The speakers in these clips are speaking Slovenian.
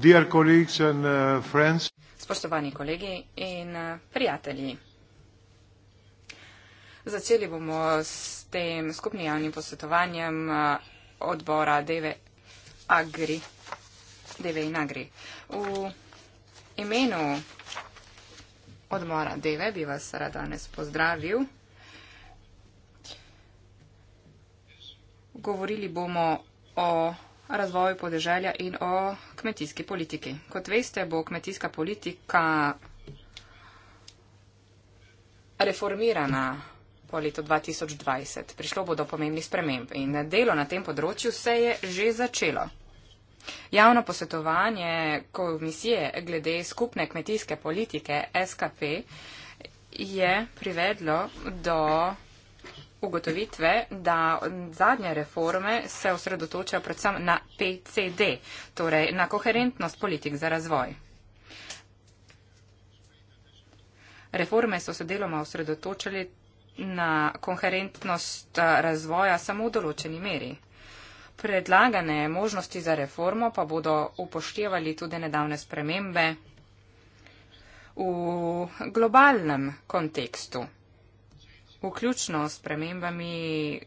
Dear colleagues and uh, friends. Spoštovani kolegi in uh, prijatelji. Začeli bomo s tem skupnim javnim posvetovanjem uh, odbora Deve Agri. Deve in Agri. V imenu odbora Deve bi vas rad danes pozdravil. Govorili bomo o razvoju podeželja in o kmetijski politiki. Kot veste, bo kmetijska politika reformirana po letu 2020. Prišlo bo do pomembnih sprememb in delo na tem področju se je že začelo. Javno posvetovanje komisije glede skupne kmetijske politike SKP je privedlo do ugotovitve, da zadnje reforme se osredotočajo predvsem na PCD, torej na koherentnost politik za razvoj. Reforme so se deloma osredotočali na koherentnost eh, razvoja samo v določeni meri. Predlagane možnosti za reformo pa bodo upoštevali tudi nedavne spremembe v globalnem kontekstu vključno s premembami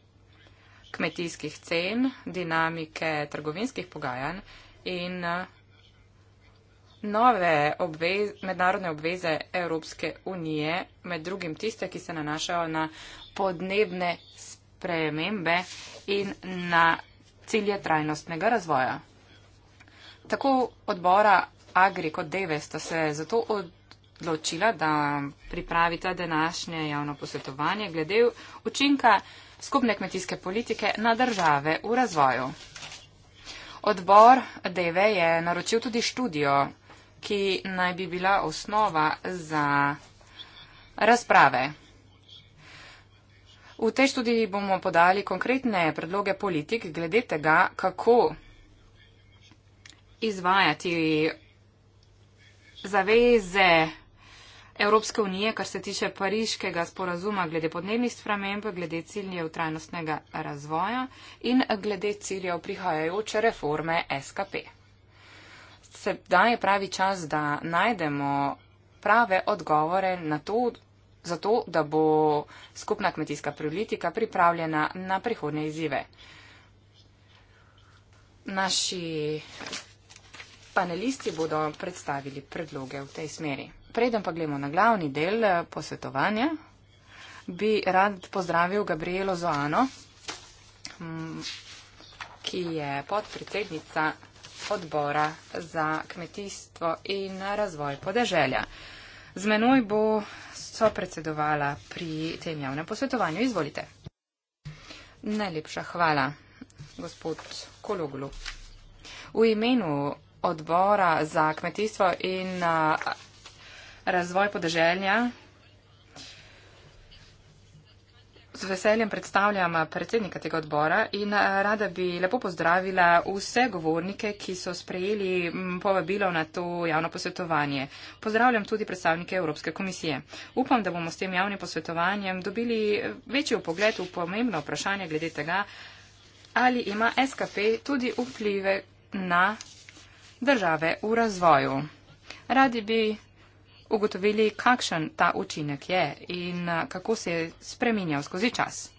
kmetijskih cen, dinamike trgovinskih pogajanj in nove obvez, mednarodne obveze Evropske unije, med drugim tiste, ki se nanašajo na podnebne spremembe in na cilje trajnostnega razvoja. Tako odbora Agri kot Deve sta se zato odločili, odločila, da pripravita današnje javno posvetovanje glede učinka skupne kmetijske politike na države v razvoju. Odbor DV je naročil tudi študijo, ki naj bi bila osnova za razprave. V tej študiji bomo podali konkretne predloge politik glede tega, kako izvajati zaveze Evropske unije, kar se tiče pariškega sporazuma glede podnebnih sprememb, glede ciljev trajnostnega razvoja in glede ciljev prihajajoče reforme SKP. Sedaj je pravi čas, da najdemo prave odgovore na to, zato da bo skupna kmetijska politika pripravljena na prihodne izzive. Naši panelisti bodo predstavili predloge v tej smeri. Preden pa gremo na glavni del eh, posvetovanja, bi rad pozdravil Gabrielo Zoano, mm, ki je podpredsednica odbora za kmetijstvo in razvoj podeželja. Z menoj bo so predsedovala pri tem javnem posvetovanju. Izvolite. Najlepša hvala, gospod Kologlu. V imenu odbora za kmetijstvo in uh, razvoj podeželja. Z veseljem predstavljam predsednika tega odbora in eh, rada bi lepo pozdravila vse govornike, ki so sprejeli povabilo na to javno posvetovanje. Pozdravljam tudi predstavnike Evropske komisije. Upam, da bomo s tem javnim posvetovanjem dobili eh, večji pogled v pomembno vprašanje glede tega, ali ima SKP tudi vplive na države v razvoju. Radi bi ugotovili, kakšen ta učinek je in kako se je spreminjal skozi čas.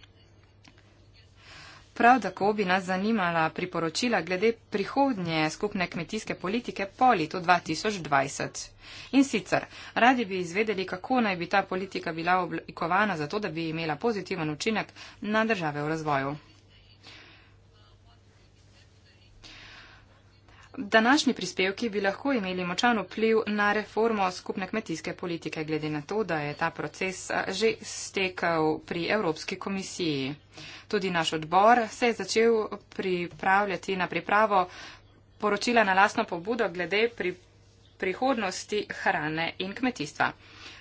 Prav tako bi nas zanimala priporočila glede prihodnje skupne kmetijske politike po letu 2020. In sicer, radi bi izvedeli, kako naj bi ta politika bila oblikovana zato, da bi imela pozitiven učinek na države v razvoju. današnji prispevki bi lahko imeli močan vpliv na reformo skupne kmetijske politike, glede na to, da je ta proces že stekel pri Evropski komisiji. Tudi naš odbor se je začel pripravljati na pripravo poročila na lasno pobudo glede pri prihodnosti hrane in kmetijstva.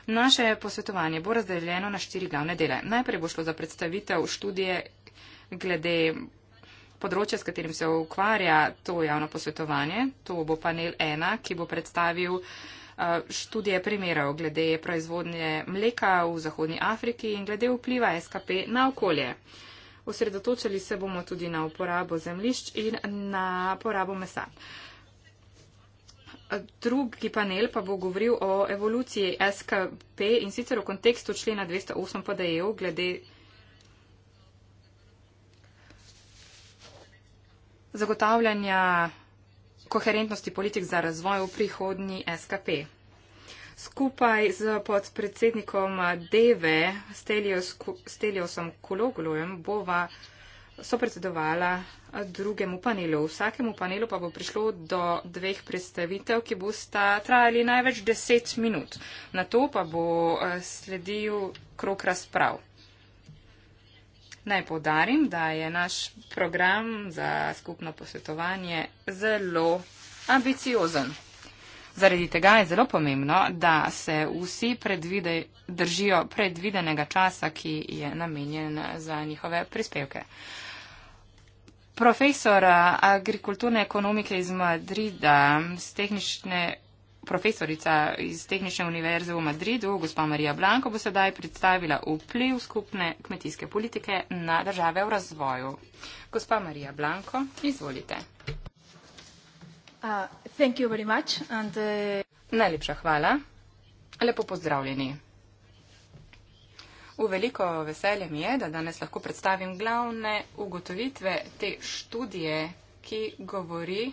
Naše posvetovanje bo razdeljeno na štiri glavne dele. Najprej bo šlo za predstavitev študije glede Področje, s katerim se ukvarja to javno posvetovanje, to bo panel ena, ki bo predstavil eh, študije primerov glede proizvodnje mleka v Zahodnji Afriki in glede vpliva SKP na okolje. Osredotočili se bomo tudi na uporabo zemlišč in na porabo mesa. Eh, drugi panel pa bo govoril o evoluciji SKP in sicer v kontekstu člena 208 PDE glede zagotavljanja koherentnosti politik za razvoj v prihodnji SKP. Skupaj z podpredsednikom Deve Steliosom Kologlujem bova so predsedovala drugemu panelu. Vsakemu panelu pa bo prišlo do dveh predstavitev, ki bosta trajali največ deset minut. Na to pa bo eh, sledil krok razprav. Naj podarim, da je naš program za skupno posvetovanje zelo ambiciozen. Zaradi tega je zelo pomembno, da se vsi predvide, držijo predvidenega časa, ki je namenjen za njihove prispevke. Profesor agrikulturne ekonomike iz Madrida z tehnične profesorica iz Tehnične univerze v Madridu, gospa Marija Blanko, bo sedaj predstavila vpliv skupne kmetijske politike na države v razvoju. Gospa Marija Blanko, izvolite. Uh, much, and, uh... Najlepša hvala. Lepo pozdravljeni. V veliko veselje mi je, da danes lahko predstavim glavne ugotovitve te študije, ki govori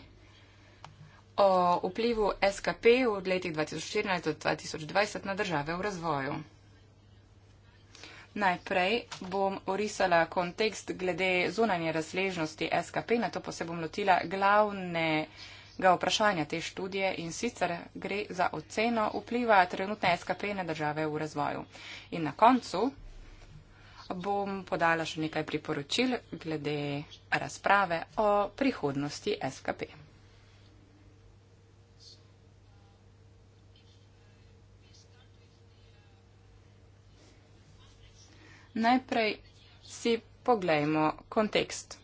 o vplivu SKP od letih 2014 do 2020 na države v razvoju. Najprej bom orisala kontekst glede zunanje razležnosti SKP, na to pa se bom lotila glavnega vprašanja te študije in sicer gre za oceno vpliva trenutne SKP na države v razvoju. In na koncu bom podala še nekaj priporočil glede razprave o prihodnosti SKP. Najprej si poglejmo kontekst.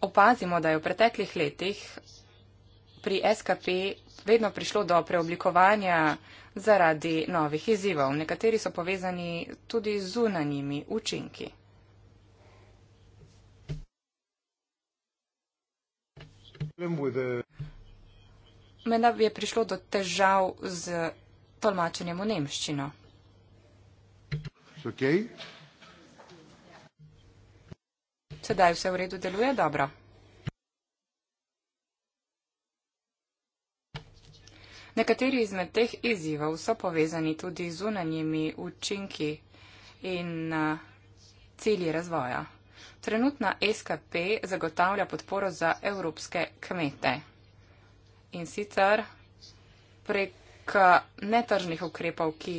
Opazimo, da je v preteklih letih pri SKP vedno prišlo do preoblikovanja zaradi novih izzivov. Nekateri so povezani tudi z zunanjimi učinki. Menda je prišlo do težav z tolmačenjem v nemščino. Okay. Sedaj vse v redu deluje dobro. Nekateri izmed teh izzivov so povezani tudi z unanjimi učinki in cilji razvoja. Trenutna SKP zagotavlja podporo za evropske kmete in sicer prek k netržnih ukrepov, ki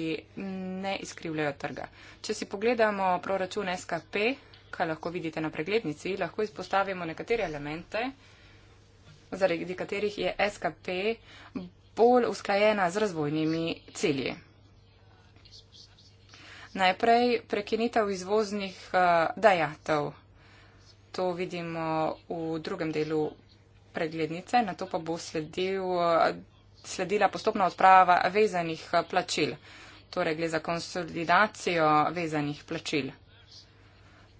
ne izkrivljajo trga. Če si pogledamo proračun SKP, kaj lahko vidite na preglednici, lahko izpostavimo nekatere elemente, zaradi katerih je SKP bolj usklajena z razvojnimi cilji. Najprej prekinitev izvoznih eh, dajatev. To vidimo v drugem delu preglednice, na to pa bo sledil eh, sledila postopna odprava vezanih eh, plačil. Torej, gre za konsolidacijo vezanih plačil.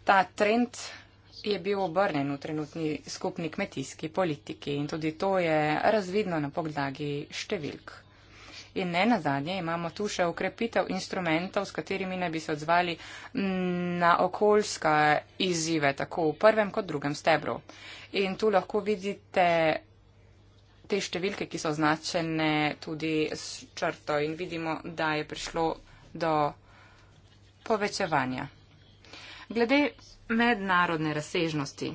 Ta trend je bil obrnen v trenutni skupni kmetijski politiki in tudi to je razvidno na podlagi številk. In ne na zadnje imamo tu še ukrepitev instrumentov, s katerimi ne bi se odzvali na okoljska izzive, tako v prvem kot drugem stebru. In tu lahko vidite te številke, ki so označene tudi s črto in vidimo, da je prišlo do povečevanja. Glede mednarodne razsežnosti.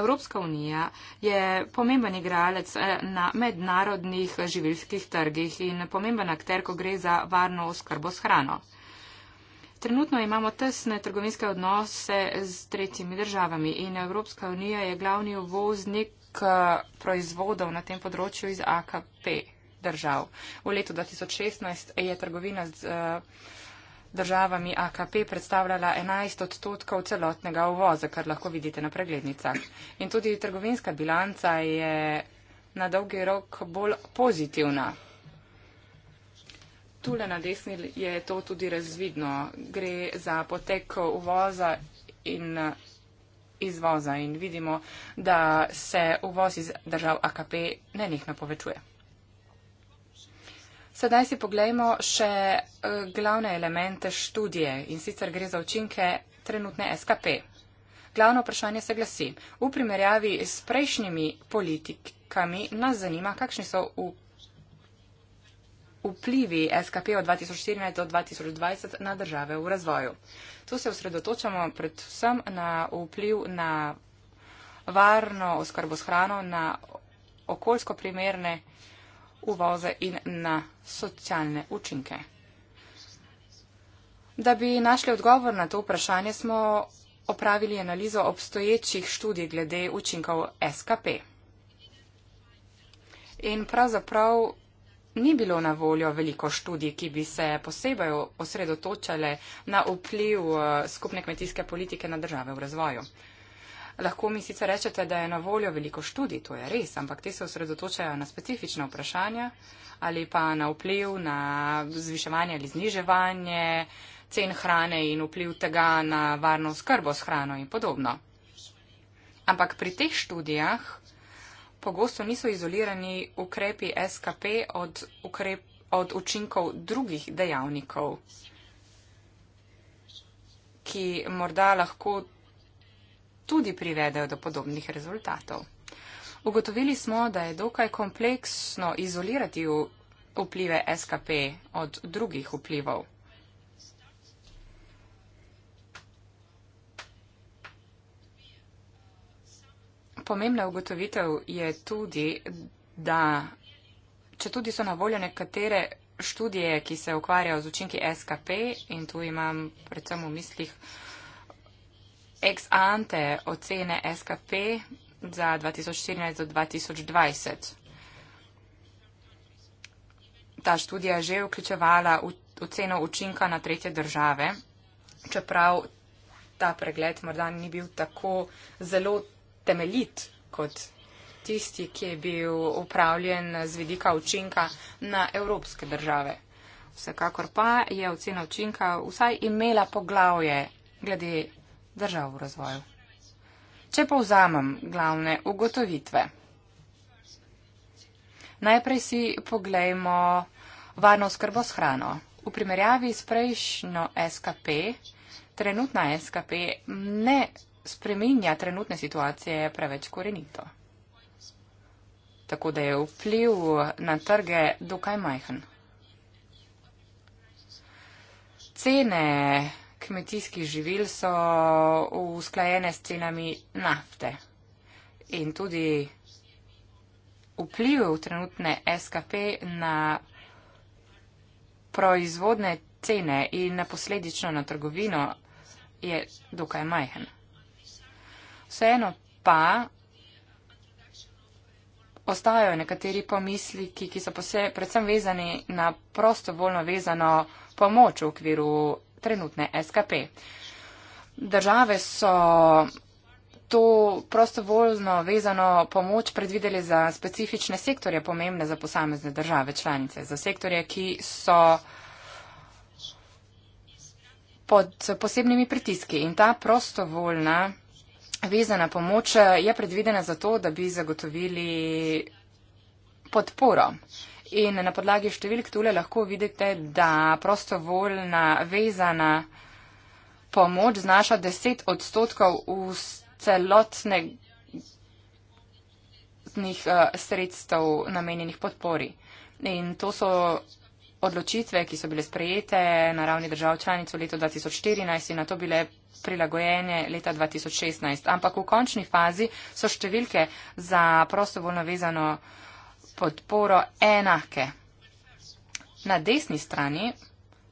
Evropska unija je pomemben igralec eh, na mednarodnih živilskih trgih in pomemben akter, ko gre za varno oskrbo s hrano. Trenutno imamo tesne trgovinske odnose s tretjimi državami in Evropska unija je glavni uvoznik k proizvodov na tem področju iz AKP držav. V letu 2016 je trgovina z eh, državami AKP predstavljala 11 odstotkov celotnega uvoza, kar lahko vidite na preglednicah. In tudi trgovinska bilanca je na dolgi rok bolj pozitivna. Tule na desni je to tudi razvidno. Gre za potek uvoza in izvoza in vidimo, da se uvoz iz držav AKP nenehno povečuje. Sedaj si poglejmo še eh, glavne elemente študije in sicer gre za učinke trenutne SKP. Glavno vprašanje se glasi, v primerjavi s prejšnjimi politikami nas zanima, kakšni so vplivi SKP od 2014 do 2020 na države v razvoju. Tu se osredotočamo predvsem na vpliv na varno oskrbo s hrano, na okoljsko primerne uvoze in na socialne učinke. Da bi našli odgovor na to vprašanje, smo opravili analizo obstoječih študij glede učinkov SKP. In pravzaprav ni bilo na voljo veliko študij, ki bi se posebej osredotočale na vpliv eh, skupne kmetijske politike na države v razvoju. Lahko mi sicer rečete, da je na voljo veliko študij, to je res, ampak te se osredotočajo na specifična vprašanja ali pa na vpliv, na zviševanje ali zniževanje cen hrane in vpliv tega na varno skrbo s hrano in podobno. Ampak pri teh študijah pogosto niso izolirani ukrepi SKP od, ukrep, od učinkov drugih dejavnikov, ki morda lahko tudi privedejo do podobnih rezultatov. Ugotovili smo, da je dokaj kompleksno izolirati vplive SKP od drugih vplivov. pomembna ugotovitev je tudi, da če tudi so na voljo nekatere študije, ki se ukvarjajo z učinki SKP in tu imam predvsem v mislih ex ante ocene SKP za 2014 do 2020. Ta študija je že vključevala oceno učinka na tretje države, čeprav ta pregled morda ni bil tako zelo temeljit kot tisti, ki je bil upravljen z vidika učinka na evropske države. Vsekakor pa je ocena učinka vsaj imela poglavje glede držav v razvoju. Če povzamem glavne ugotovitve. Najprej si poglejmo varno skrbo s hrano. V primerjavi s prejšnjo SKP, trenutna SKP ne spreminja trenutne situacije preveč korenito. Tako da je vpliv na trge dokaj majhen. Cene kmetijskih živil so usklajene s cenami nafte in tudi vpliv trenutne SKP na proizvodne cene in na posledično na trgovino je dokaj majhen. Vseeno pa ostajajo nekateri pomisliki, ki so pose, predvsem vezani na prostovoljno vezano pomoč v okviru trenutne SKP. Države so to prostovoljno vezano pomoč predvideli za specifične sektorje pomembne za posamezne države članice, za sektorje, ki so pod posebnimi pritiski. In ta prostovoljna Vezana pomoč je predvidena zato, da bi zagotovili podporo. In na podlagi številk tule lahko vidite, da prostovoljna vezana pomoč znaša 10 odstotkov celotnih eh, sredstev namenjenih podpori. In to so odločitve, ki so bile sprejete na ravni držav članic v letu 2014 in na to bile prilagojene leta 2016, ampak v končni fazi so številke za prostovoljno vezano podporo enake. Na desni strani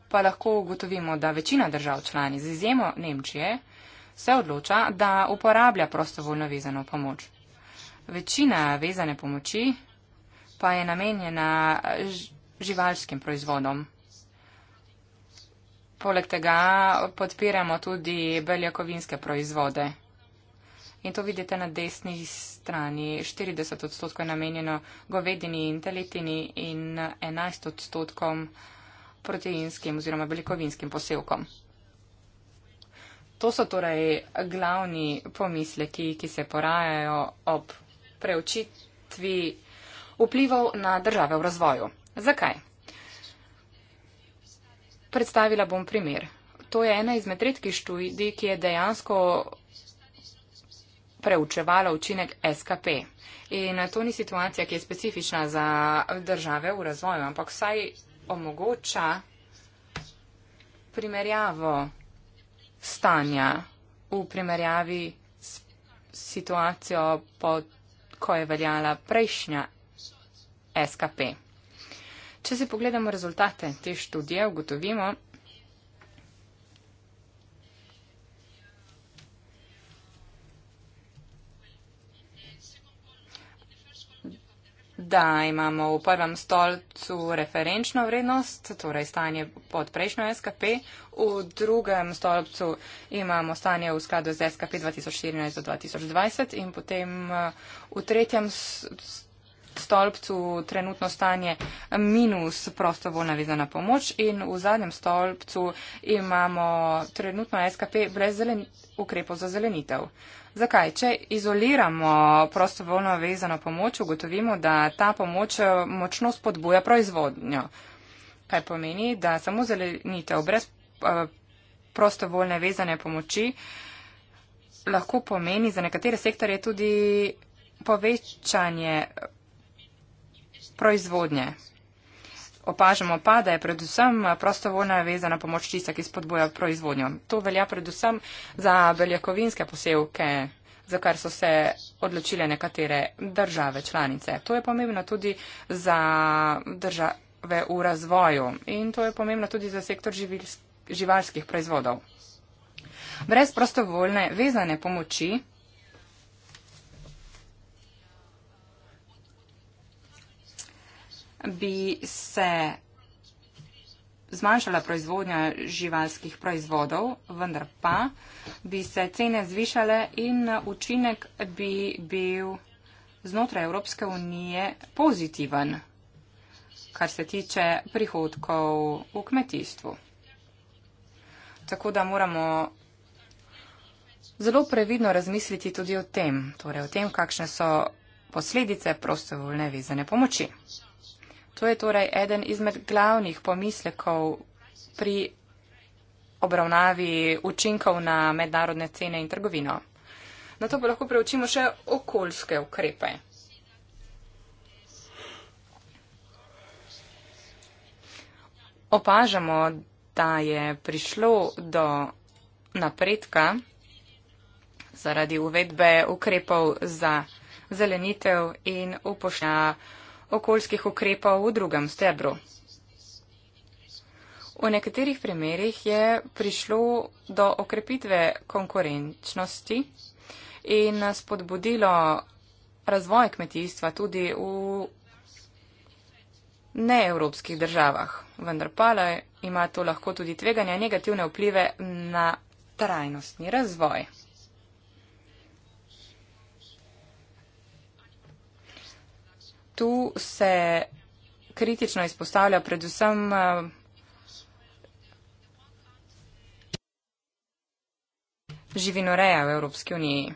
pa lahko ugotovimo, da večina držav člani, z izjemo Nemčije, se odloča, da uporablja prostovoljno vezano pomoč. Večina vezane pomoči pa je namenjena živalskim proizvodom. Poleg tega podpiramo tudi beljakovinske proizvode. In to vidite na desni strani. 40 odstotkov je namenjeno govedini in teletini in 11 odstotkom proteinskim oziroma beljakovinskim posevkom. To so torej glavni pomisleki, ki se porajajo ob preučitvi vplivov na države v razvoju. Zakaj? Predstavila bom primer. To je ena izmed redkih študij, ki je dejansko preučevala učinek SKP. In to ni situacija, ki je specifična za države v razvoju, ampak vsaj omogoča primerjavo stanja v primerjavi s situacijo, pod, ko je veljala prejšnja SKP. Če si pogledamo rezultate te študije, ugotovimo, da imamo v prvem stolcu referenčno vrednost, torej stanje pod prejšnjo SKP, v drugem stolcu imamo stanje v skladu z SKP 2014-2020 in potem eh, v tretjem stolcu stolpcu trenutno stanje minus prostovoljna vezana pomoč in v zadnjem stolpcu imamo trenutno SKP brez zelen ukrepov za zelenitev. Zakaj? Če izoliramo prostovoljno vezano pomoč, ugotovimo, da ta pomoč eh, močno spodbuja proizvodnjo. Kaj pomeni, da samo zelenitev brez eh, prostovoljne vezane pomoči lahko pomeni za nekatere sektorje tudi povečanje proizvodnje. Opažamo pa, da je predvsem prostovoljna vezana pomoč tista, ki spodboja proizvodnjo. To velja predvsem za beljakovinske posevke, za kar so se odločile nekatere države članice. To je pomembno tudi za države v razvoju in to je pomembno tudi za sektor živalskih proizvodov. Brez prostovoljne vezane pomoči bi se zmanjšala proizvodnja živalskih proizvodov, vendar pa bi se cene zvišale in učinek bi bil znotraj Evropske unije pozitiven, kar se tiče prihodkov v kmetijstvu. Tako da moramo zelo previdno razmisliti tudi o tem, torej o tem, kakšne so posledice prostovoljne vezane pomoči. To je torej eden izmed glavnih pomislekov pri obravnavi učinkov na mednarodne cene in trgovino. Na to pa lahko preučimo še okoljske ukrepe. Opažamo, da je prišlo do napredka zaradi uvedbe ukrepov za zelenitev in upošnja okoljskih ukrepov v drugem stebru. V nekaterih primerjih je prišlo do okrepitve konkurenčnosti in spodbudilo razvoj kmetijstva tudi v neevropskih državah. Vendar pa ima to lahko tudi tveganja negativne vplive na trajnostni razvoj. tu se kritično izpostavlja predvsem eh, živinoreja v Evropski uniji.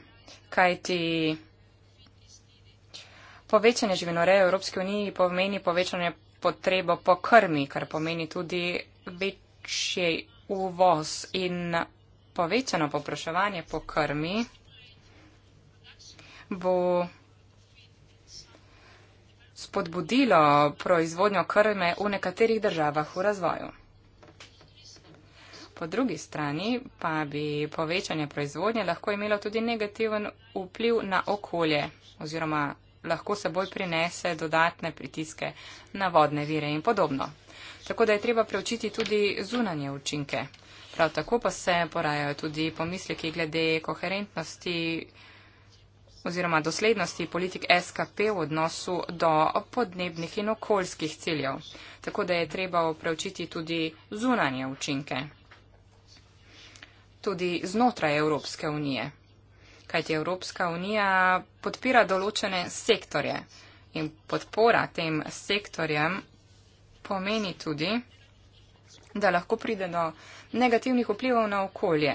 Kaj ti povečanje živinoreja v Evropski uniji pomeni povečanje potrebo po krmi, kar pomeni tudi večji uvoz in povečano popraševanje po krmi bo spodbudilo proizvodnjo krme v nekaterih državah v razvoju. Po drugi strani pa bi povečanje proizvodnje lahko imelo tudi negativen vpliv na okolje oziroma lahko seboj prinese dodatne pritiske na vodne vire in podobno. Tako da je treba preučiti tudi zunanje učinke. Prav tako pa se porajajo tudi pomisleki glede koherentnosti oziroma doslednosti politik SKP v odnosu do podnebnih in okoljskih ciljev, tako da je treba preučiti tudi zunanje učinke, tudi znotraj Evropske unije. Kajti Evropska unija podpira določene sektorje in podpora tem sektorjem pomeni tudi, da lahko pride do negativnih vplivov na okolje.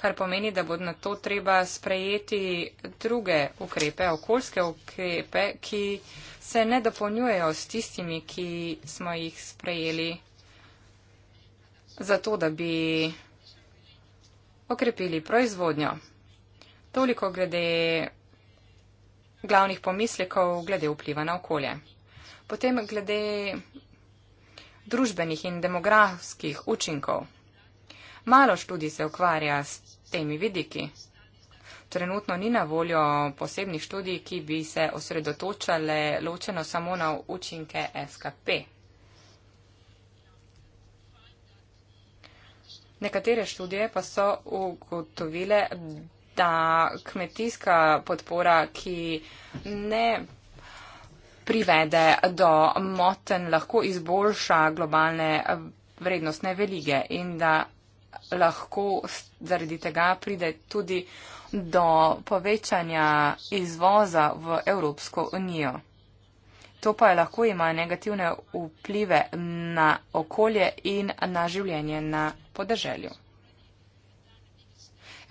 kar pomeni, da bo na to treba sprejeti druge ukrepe, okoljske ukrepe, ki se ne dopolnjujejo s tistimi, ki smo jih sprejeli zato, da bi okrepili proizvodnjo. Toliko glede glavnih pomislekov glede vpliva na okolje. Potem glede družbenih in demografskih učinkov. Malo študij se ukvarja s temi vidiki. Trenutno ni na voljo posebnih študij, ki bi se osredotočale ločeno samo na učinke SKP. Nekatere študije pa so ugotovile, da kmetijska podpora, ki ne privede do moten, lahko izboljša globalne vrednostne velike in da lahko zaradi tega pride tudi do povečanja izvoza v Evropsko unijo. To pa je lahko ima negativne vplive na okolje in na življenje na podeželju.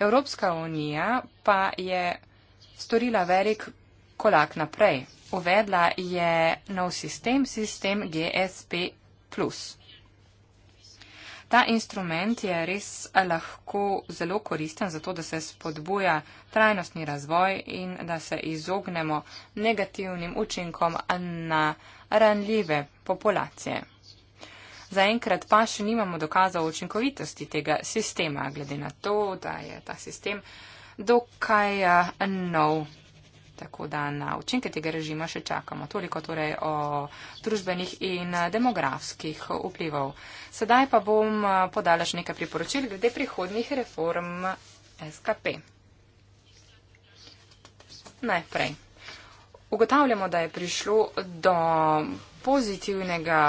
Evropska unija pa je storila velik kolak naprej. Uvedla je nov sistem, sistem GSP. Plus. Ta instrument je res lahko zelo koristen za to, da se spodbuja trajnostni razvoj in da se izognemo negativnim učinkom na ranljive populacije. Zaenkrat pa še nimamo dokazov učinkovitosti tega sistema, glede na to, da je ta sistem dokaj nov. Tako da na učinke tega režima še čakamo. Toliko torej o družbenih in eh, demografskih eh, vplivov. Sedaj pa bom eh, podala še nekaj priporočil glede prihodnih reform SKP. Najprej. Ugotavljamo, da je prišlo do pozitivnega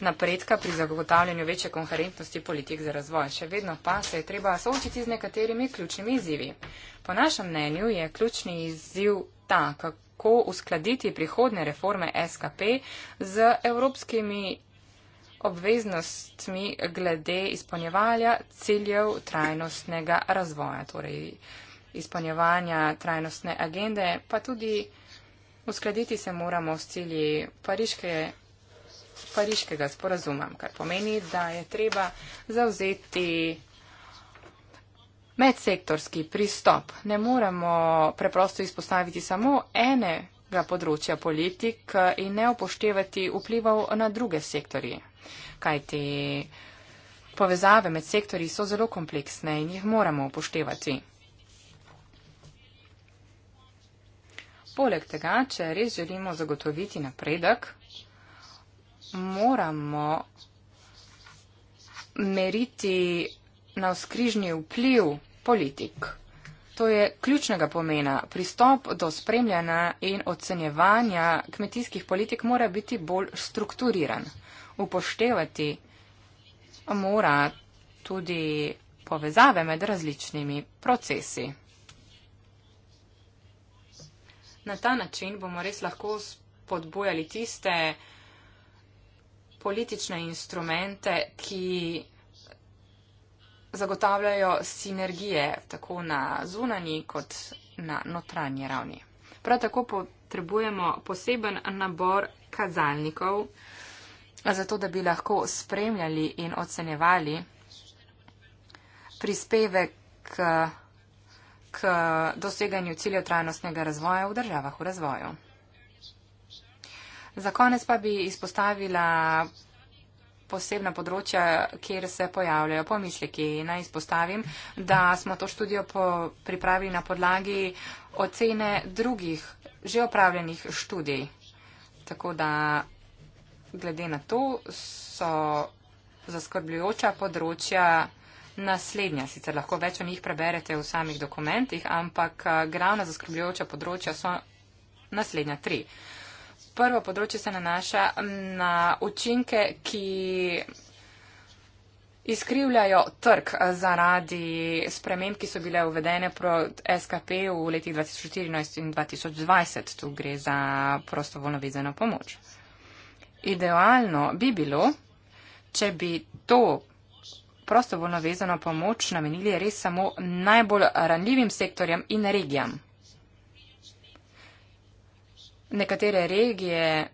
napredka pri zagotavljanju večje konkurentnosti politik za razvoj. Še vedno pa se je treba soočiti z nekaterimi ključnimi izzivi. Po našem mnenju je ključni izziv ta, kako uskladiti prihodne reforme SKP z evropskimi obveznostmi glede izpolnjevanja ciljev trajnostnega razvoja, torej izpolnjevanja trajnostne agende, pa tudi uskladiti se moramo s cilji pariške pariškega sporazuma, kar pomeni, da je treba zauzeti medsektorski pristop. Ne moremo preprosto izpostaviti samo enega področja politik in ne upoštevati vplivov na druge sektorje. Kajti povezave med sektorji so zelo kompleksne in jih moramo upoštevati. Poleg tega, če res želimo zagotoviti napredek, moramo meriti na skrižni vpliv politik. To je ključnega pomena. Pristop do spremljanja in ocenjevanja kmetijskih politik mora biti bolj strukturiran. Upoštevati mora tudi povezave med različnimi procesi. Na ta način bomo res lahko spodbojali tiste, politične instrumente, ki zagotavljajo sinergije tako na zunanji kot na notranji ravni. Prav tako potrebujemo poseben nabor kazalnikov, zato da bi lahko spremljali in ocenjevali prispevek k, k doseganju ciljev trajnostnega razvoja v državah v razvoju. Za konec pa bi izpostavila posebna področja, kjer se pojavljajo pomisleki. Naj izpostavim, da smo to študijo po, pripravili na podlagi ocene drugih že opravljenih študij. Tako da glede na to so zaskrbljujoča področja naslednja. Sicer lahko več o njih preberete v samih dokumentih, ampak eh, glavna zaskrbljujoča področja so naslednja tri prvo področje se nanaša na učinke, ki izkrivljajo trg zaradi sprememb, ki so bile uvedene proti SKP v letih 2014 in 2020. Tu gre za prostovoljno vizeno pomoč. Idealno bi bilo, če bi to prostovoljno vezano pomoč namenili res samo najbolj ranljivim sektorjem in regijam nekatere regije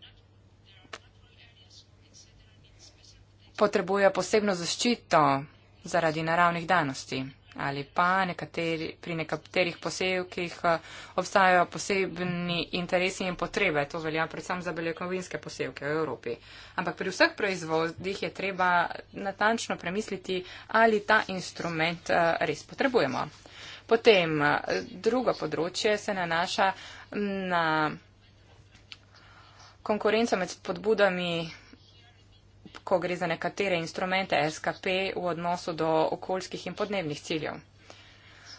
potrebujejo posebno zaščito zaradi naravnih danosti ali pa nekateri, pri nekaterih posevkih eh, obstajajo posebni interesi in potrebe. To velja predvsem za beljakovinske posevke v Evropi. Ampak pri vseh proizvodih je treba natančno premisliti, ali ta instrument eh, res potrebujemo. Potem eh, drugo področje se nanaša na konkurenca med spodbudami, ko gre za nekatere instrumente SKP v odnosu do okoljskih in podnebnih ciljev.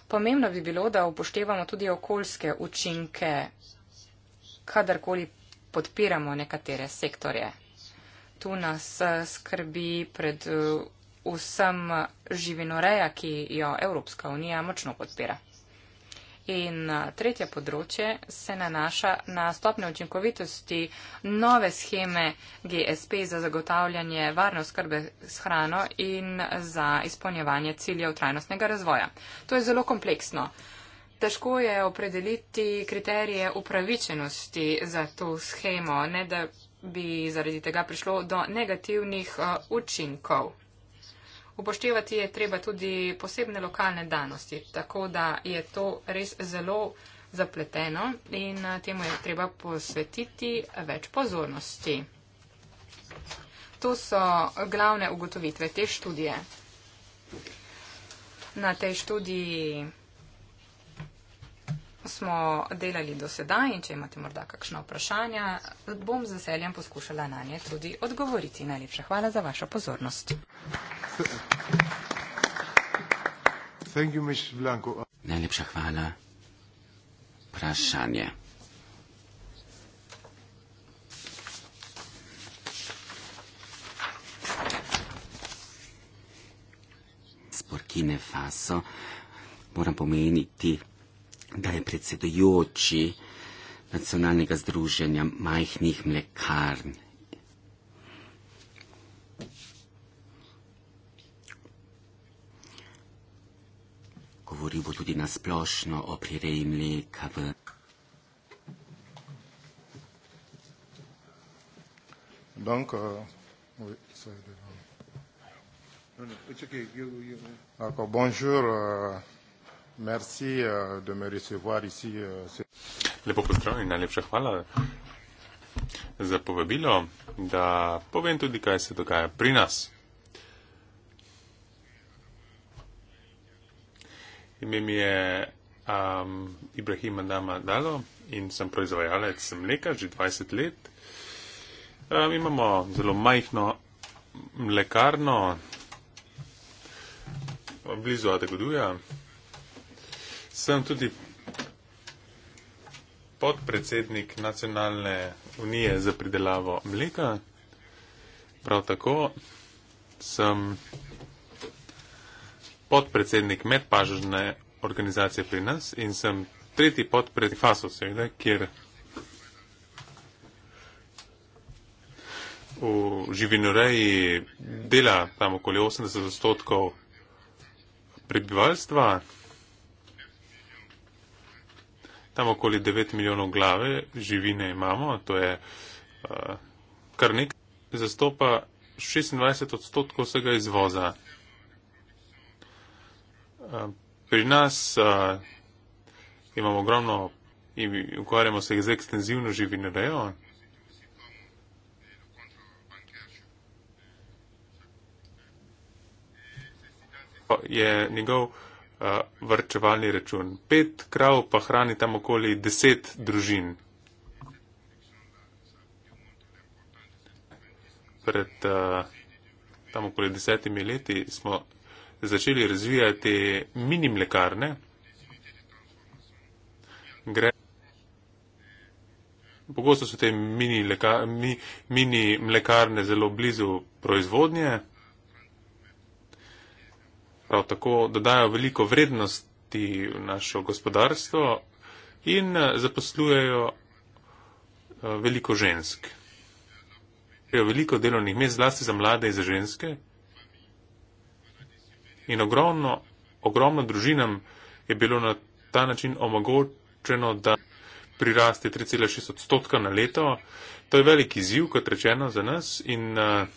Pomembno bi bilo, da upoštevamo tudi okoljske učinke, kadarkoli podpiramo nekatere sektorje. Tu nas eh, skrbi pred vsem živinoreja, ki jo Evropska unija močno podpira. In tretje področje se nanaša na stopne učinkovitosti nove scheme GSP za zagotavljanje varno skrbe s hrano in za izpolnjevanje ciljev trajnostnega razvoja. To je zelo kompleksno. Težko je opredeliti kriterije upravičenosti za to schemo, ne da bi zaradi tega prišlo do negativnih učinkov. Upoštevati je treba tudi posebne lokalne danosti, tako da je to res zelo zapleteno in eh, temu je treba posvetiti več pozornosti. To so glavne ugotovitve te študije. Na tej študiji smo delali do sedaj in če imate morda kakšno vprašanje, bom z veseljem poskušala na nje tudi odgovoriti. Najlepša hvala za vašo pozornost. Thank you. Najlepša hvala. Vprašanje. Sporkine faso moram pomeniti, da je predsedujoči nacionalnega združenja majhnih mlekarn govoril bo tudi nasplošno o prireji mleka v. Danka, oj, saj je delo. Ako, bonjour, euh, merci euh, de me recevoir ici. Euh, Lepo pozdravljen, najlepša hvala za povabilo, da povem tudi, kaj se dogaja pri nas. Ime mi je um, Ibrahim Adama Dalo in sem proizvajalec mleka že 20 let. Um, imamo zelo majhno mlekarno blizu Adegoduja. Sem tudi podpredsednik Nacionalne unije za pridelavo mleka. Prav tako sem podpredsednik medpažožne organizacije pri nas in sem tretji podpredsednik FASO, seveda, kjer v živinoreji dela tam okoli 80 odstotkov prebivalstva, tam okoli 9 milijonov glave živine imamo, to je uh, kar nekaj, zastopa 26 odstotkov vsega izvoza pri nas uh, imamo ogromno in ukvarjamo se z ekstenzivno živino rejo. Je njegov uh, vrčevalni račun. Pet krav pa hrani tam okoli deset družin. Pred uh, tam okoli desetimi leti smo začeli razvijati mini mlekarne. Gre. Pogosto so te mini, leka, mi, mini mlekarne zelo blizu proizvodnje. Prav tako dodajo veliko vrednosti v našo gospodarstvo in eh, zaposlujejo eh, veliko žensk. Veliko delovnih mest, zlasti za mlade in za ženske, in ogromno, ogromno družinam je bilo na ta način omogočeno, da prirasti 3,6 odstotka na leto. To je velik izziv, kot rečeno, za nas in uh,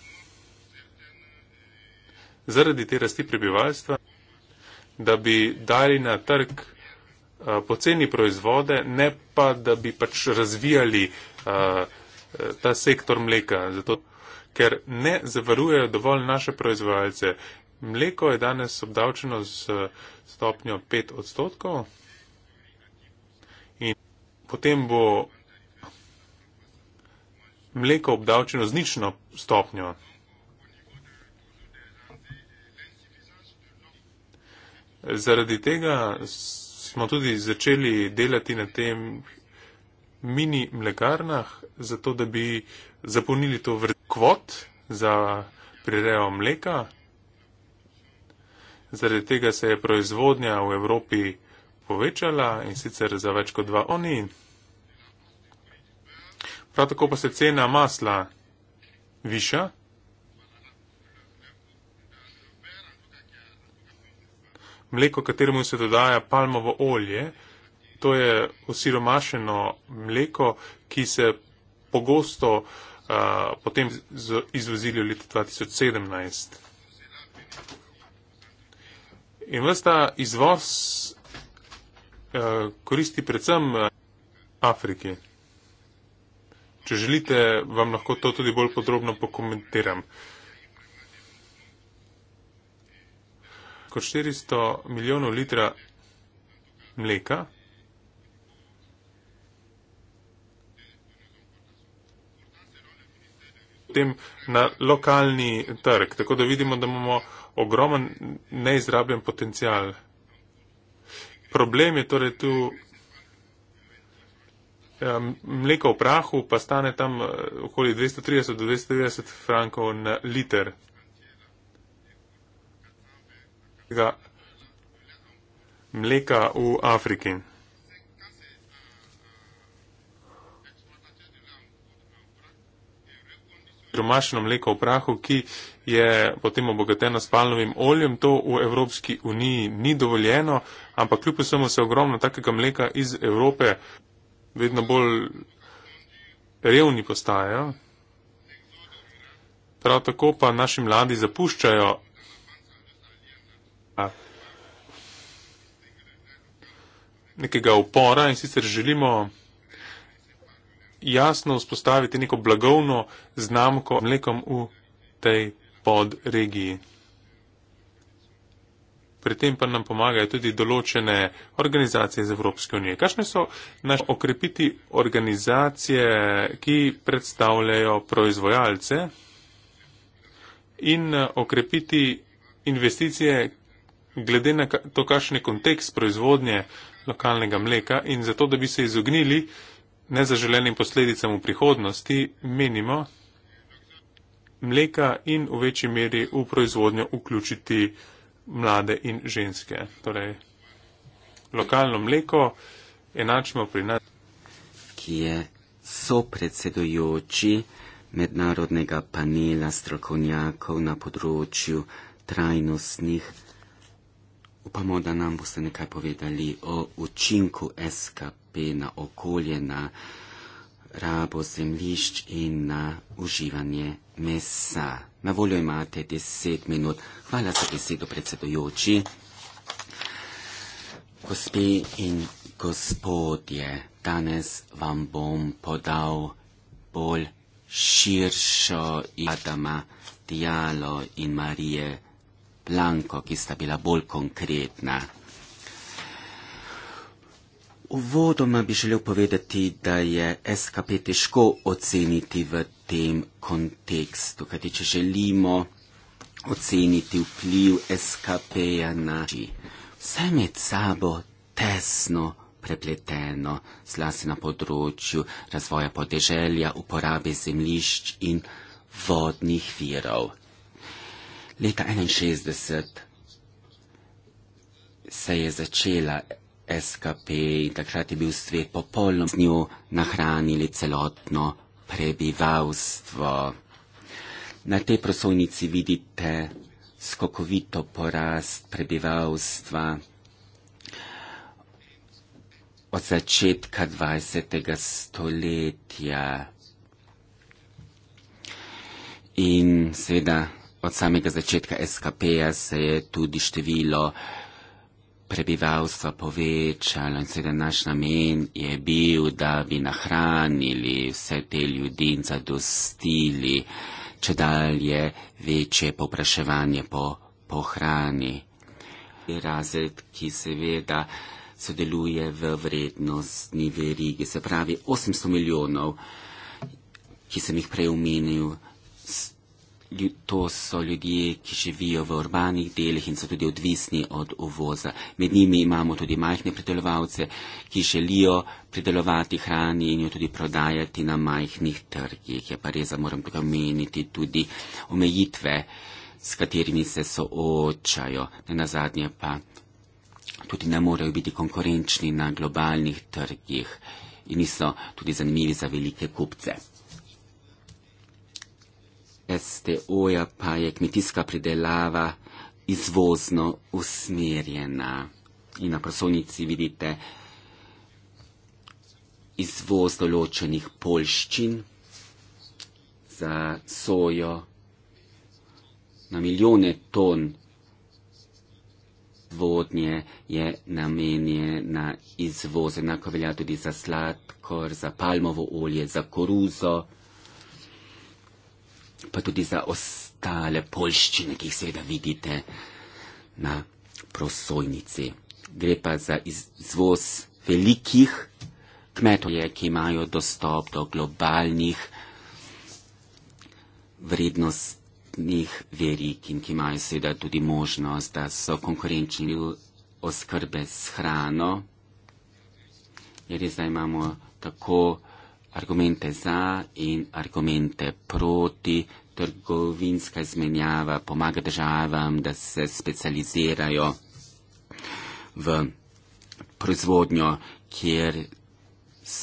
zaradi te rasti prebivalstva, da bi dali na trg uh, poceni proizvode, ne pa, da bi pač razvijali uh, ta sektor mleka. Zato, ker ne zavarujejo dovolj naše proizvajalce, Mleko je danes obdavčeno z eh, stopnjo 5 odstotkov in potem bo mleko obdavčeno z nično stopnjo. Zaradi tega smo tudi začeli delati na tem mini mlekarnah, zato da bi zapolnili to vrt kvot za prirejo mleka zaradi tega se je proizvodnja v Evropi povečala in sicer za več kot dva oni. Prav tako pa se cena masla viša. Mleko, kateremu se dodaja palmovo olje, to je osiromašeno mleko, ki se pogosto uh, potem izvozili v letu 2017. In vsta izvoz eh, koristi predvsem eh, Afriki. Če želite, vam lahko to tudi bolj podrobno pokomentiram. Kot 400 milijonov litra mleka potem na lokalni trg. Tako da vidimo, da imamo ogromen neizrabljen potencial. Problem je torej tu ja, mleko v prahu, pa stane tam eh, okoli 230 do 290 frankov na liter. Mleka v Afriki. siromašno mleko v prahu, ki je potem obogateno s palnovim oljem. To v Evropski uniji ni dovoljeno, ampak kljub vsemu se ogromno takega mleka iz Evrope vedno bolj revni postajajo. Prav tako pa naši mladi zapuščajo. Nekega upora in sicer želimo jasno vzpostaviti neko blagovno znamko mlekom v tej podregiji. Pri tem pa nam pomagajo tudi določene organizacije iz Evropske unije. Kakšne so naše okrepiti organizacije, ki predstavljajo proizvajalce in eh, okrepiti investicije, glede na to, kakšen je kontekst proizvodnje lokalnega mleka in zato, da bi se izognili uh, nezaželenim posledicam v prihodnosti, menimo, mleka in v večji meri v proizvodnjo vključiti mlade in ženske. Torej, lokalno mleko enačimo pri nas. Ki je sopredsedujoči mednarodnega panela strokovnjakov na področju trajnostnih Upamo, da nam boste nekaj povedali o učinku SKP na okolje, na rabo zemljišč in na uživanje mesa. Na voljo imate deset minut. Hvala za besedo, predsedujoči. Gospe in gospodje, danes vam bom podal bolj širšo Adama Dialo in Marije planko, ki sta bila bolj konkretna. Uvodoma bi želel povedati, da je SKP težko oceniti v tem kontekstu, kajti če želimo oceniti vpliv SKP-ja na ljudi, vse med sabo tesno prepleteno, zlasti na področju razvoja podeželja, uporabe zemljišč in vodnih virov. Leta 1961 se je začela SKP in takrat je bil svet popolno z njo nahranili celotno prebivalstvo. Na tej prosojnici vidite skokovito porast prebivalstva od začetka 20. stoletja. In seveda od samega začetka SKP-ja se je tudi število prebivalstva povečalo in seveda naš namen je bil, da bi nahranili vse te ljudi in zadostili, če dalje večje popraševanje po, po hrani. Razred, ki seveda sodeluje v vrednostni verigi, se pravi 800 milijonov, ki sem jih prej omenil, to so ljudje, ki živijo v urbanih delih in so tudi odvisni od uvoza. Med njimi imamo tudi majhne pridelovalce, ki želijo pridelovati hrani in jo tudi prodajati na majhnih trgih. Je pa res, da moram tukaj omeniti tudi omejitve, s katerimi se soočajo. Ne na zadnje pa tudi ne morejo biti konkurenčni na globalnih trgih in niso tudi zanimivi za velike kupce. STO-ja pa je kmetijska pridelava izvozno usmerjena. In na prosovnici vidite izvoz določenih polščin za sojo na milijone ton vodnje je namenjena na izvoz, enako velja tudi za sladkor, za palmovo olje, za koruzo pa tudi za ostale polščine, ki jih seveda vidite na prosojnici. Gre pa za izvoz velikih kmetov, ki imajo dostop do globalnih vrednostnih verik in ki imajo seveda tudi možnost, da so konkurenčni v oskrbe s hrano. Je res, da imamo tako argumente za in argumente proti. Trgovinska izmenjava pomaga državam, da se specializirajo v proizvodnjo, kjer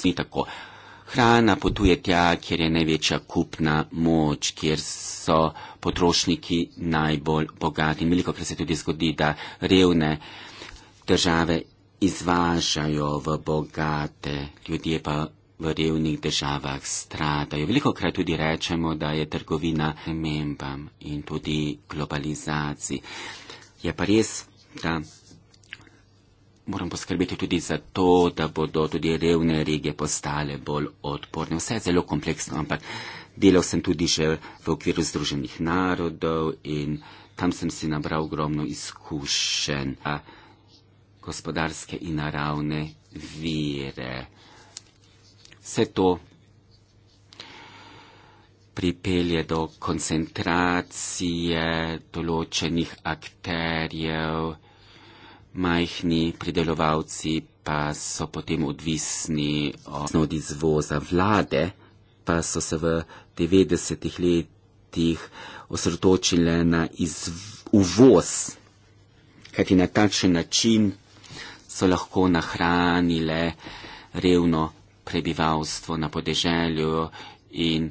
ni tako. Hrana potuje tja, kjer je največja kupna moč, kjer so potrošniki najbolj bogati. Veliko krat se tudi zgodi, da revne države izvažajo v bogate, ljudje pa v revnih državah stradajo. Veliko krat tudi rečemo, da je trgovina pomembam in tudi globalizaciji. Je pa res, da moram poskrbeti tudi za to, da bodo tudi revne regije postale bolj odporne. Vse je zelo kompleksno, ampak delal sem tudi že v okviru Združenih narodov in tam sem si nabral ogromno izkušenj gospodarske in naravne vire. Vse to pripelje do koncentracije določenih akterjev, majhni pridelovalci pa so potem odvisni od izvoza vlade, pa so se v 90-ih letih osredotočile na uvoz, kajti na takšen način so lahko nahranile revno prebivalstvo na podeželju in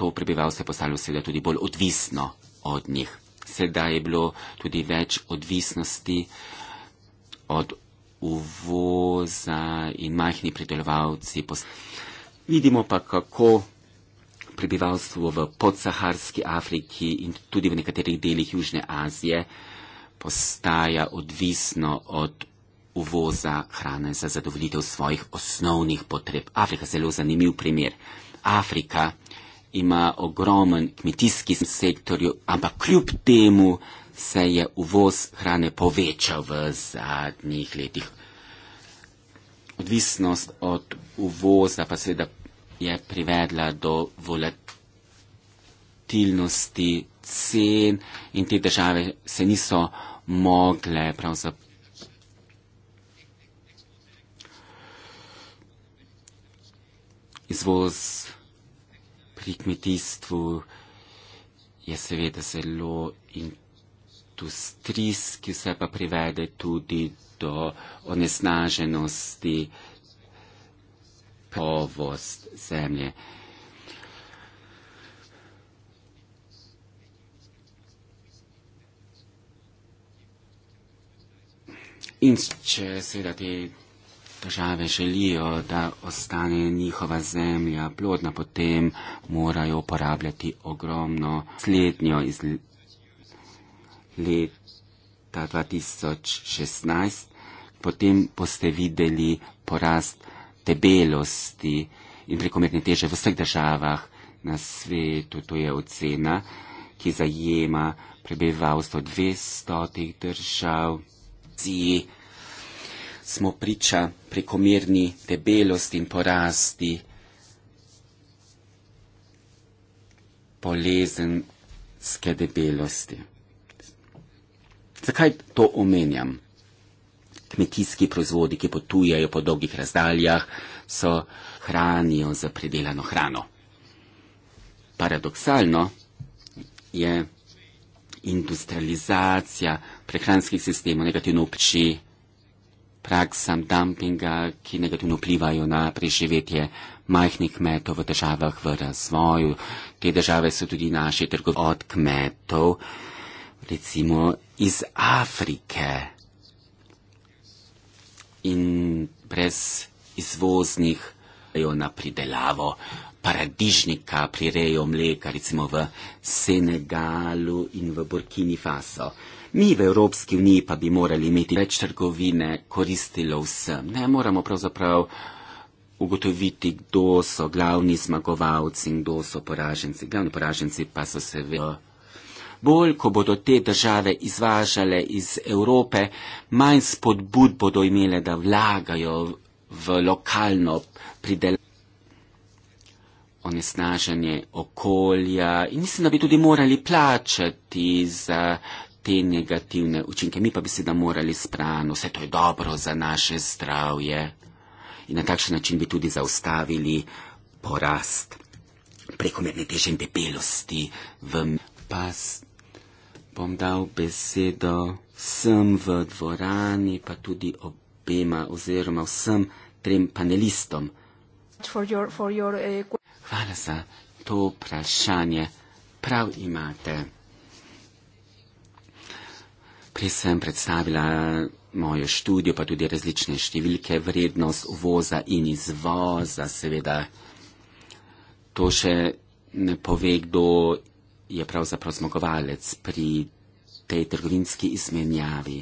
to prebivalstvo je postalo seveda tudi bolj odvisno od njih. Sedaj je bilo tudi več odvisnosti od uvoza in majhni pridelovalci. Vidimo pa, kako prebivalstvo v podsaharski Afriki in tudi v nekaterih delih Južne Azije postaja odvisno od uvoza hrane za zadovoljitev svojih osnovnih potreb. Afrika je zelo zanimiv primer. Afrika ima ogromen kmetijski sektor, ampak kljub temu se je uvoz hrane povečal v zadnjih letih. Odvisnost od uvoza pa seveda je privedla do volatilnosti cen in te države se niso mogle pravzaprav Izvoz pri kmetijstvu je seveda zelo industrijski, vse pa privede tudi do onesnaženosti povost zemlje. In če seveda te države želijo, da ostane njihova zemlja plodna, potem morajo uporabljati ogromno slednjo iz leta 2016. Potem boste videli porast debelosti in prekomerne teže v vseh državah na svetu. To je ocena, ki zajema prebivalstvo 200 držav smo priča prekomerni debelosti in porasti, bolezenske debelosti. Zakaj to omenjam? Kmetijski proizvodi, ki potujejo po dolgih razdaljah, so hranijo za predelano hrano. Paradoksalno je industrializacija prehranskih sistemov negativno vpči praksam dumpinga, ki negativno vplivajo na preživetje majhnih kmetov v državah v razvoju. Te države so tudi naše trgovine od kmetov, recimo iz Afrike. In brez izvoznih jo na pridelavo paradižnika prirejo mleka, recimo v Senegalu in v Burkini Faso. Mi v Evropski uniji pa bi morali imeti več trgovine, koristilo vsem. Ne moramo pravzaprav ugotoviti, kdo so glavni zmagovalci in kdo so poraženci. Glavni poraženci pa so seveda. Bolj, ko bodo te države izvažale iz Evrope, manj spodbud bodo imele, da vlagajo v lokalno pridelavo. Onesnaženje okolja in mislim, da bi tudi morali plačati za uh, te negativne učinke, mi pa bi se da morali sprano, vse to je dobro za naše zdravje in na takšen način bi tudi zaustavili porast prekomerne teže in debelosti. V... Pa bom dal besedo vsem v dvorani, pa tudi obema oziroma vsem trem panelistom. For your, for your, uh... Hvala za to vprašanje. Prav imate. Prej sem predstavila mojo študijo, pa tudi različne številke, vrednost uvoza in izvoza. Seveda to še ne pove, kdo je pravzaprav zmagovalec pri tej trgovinski izmenjavi.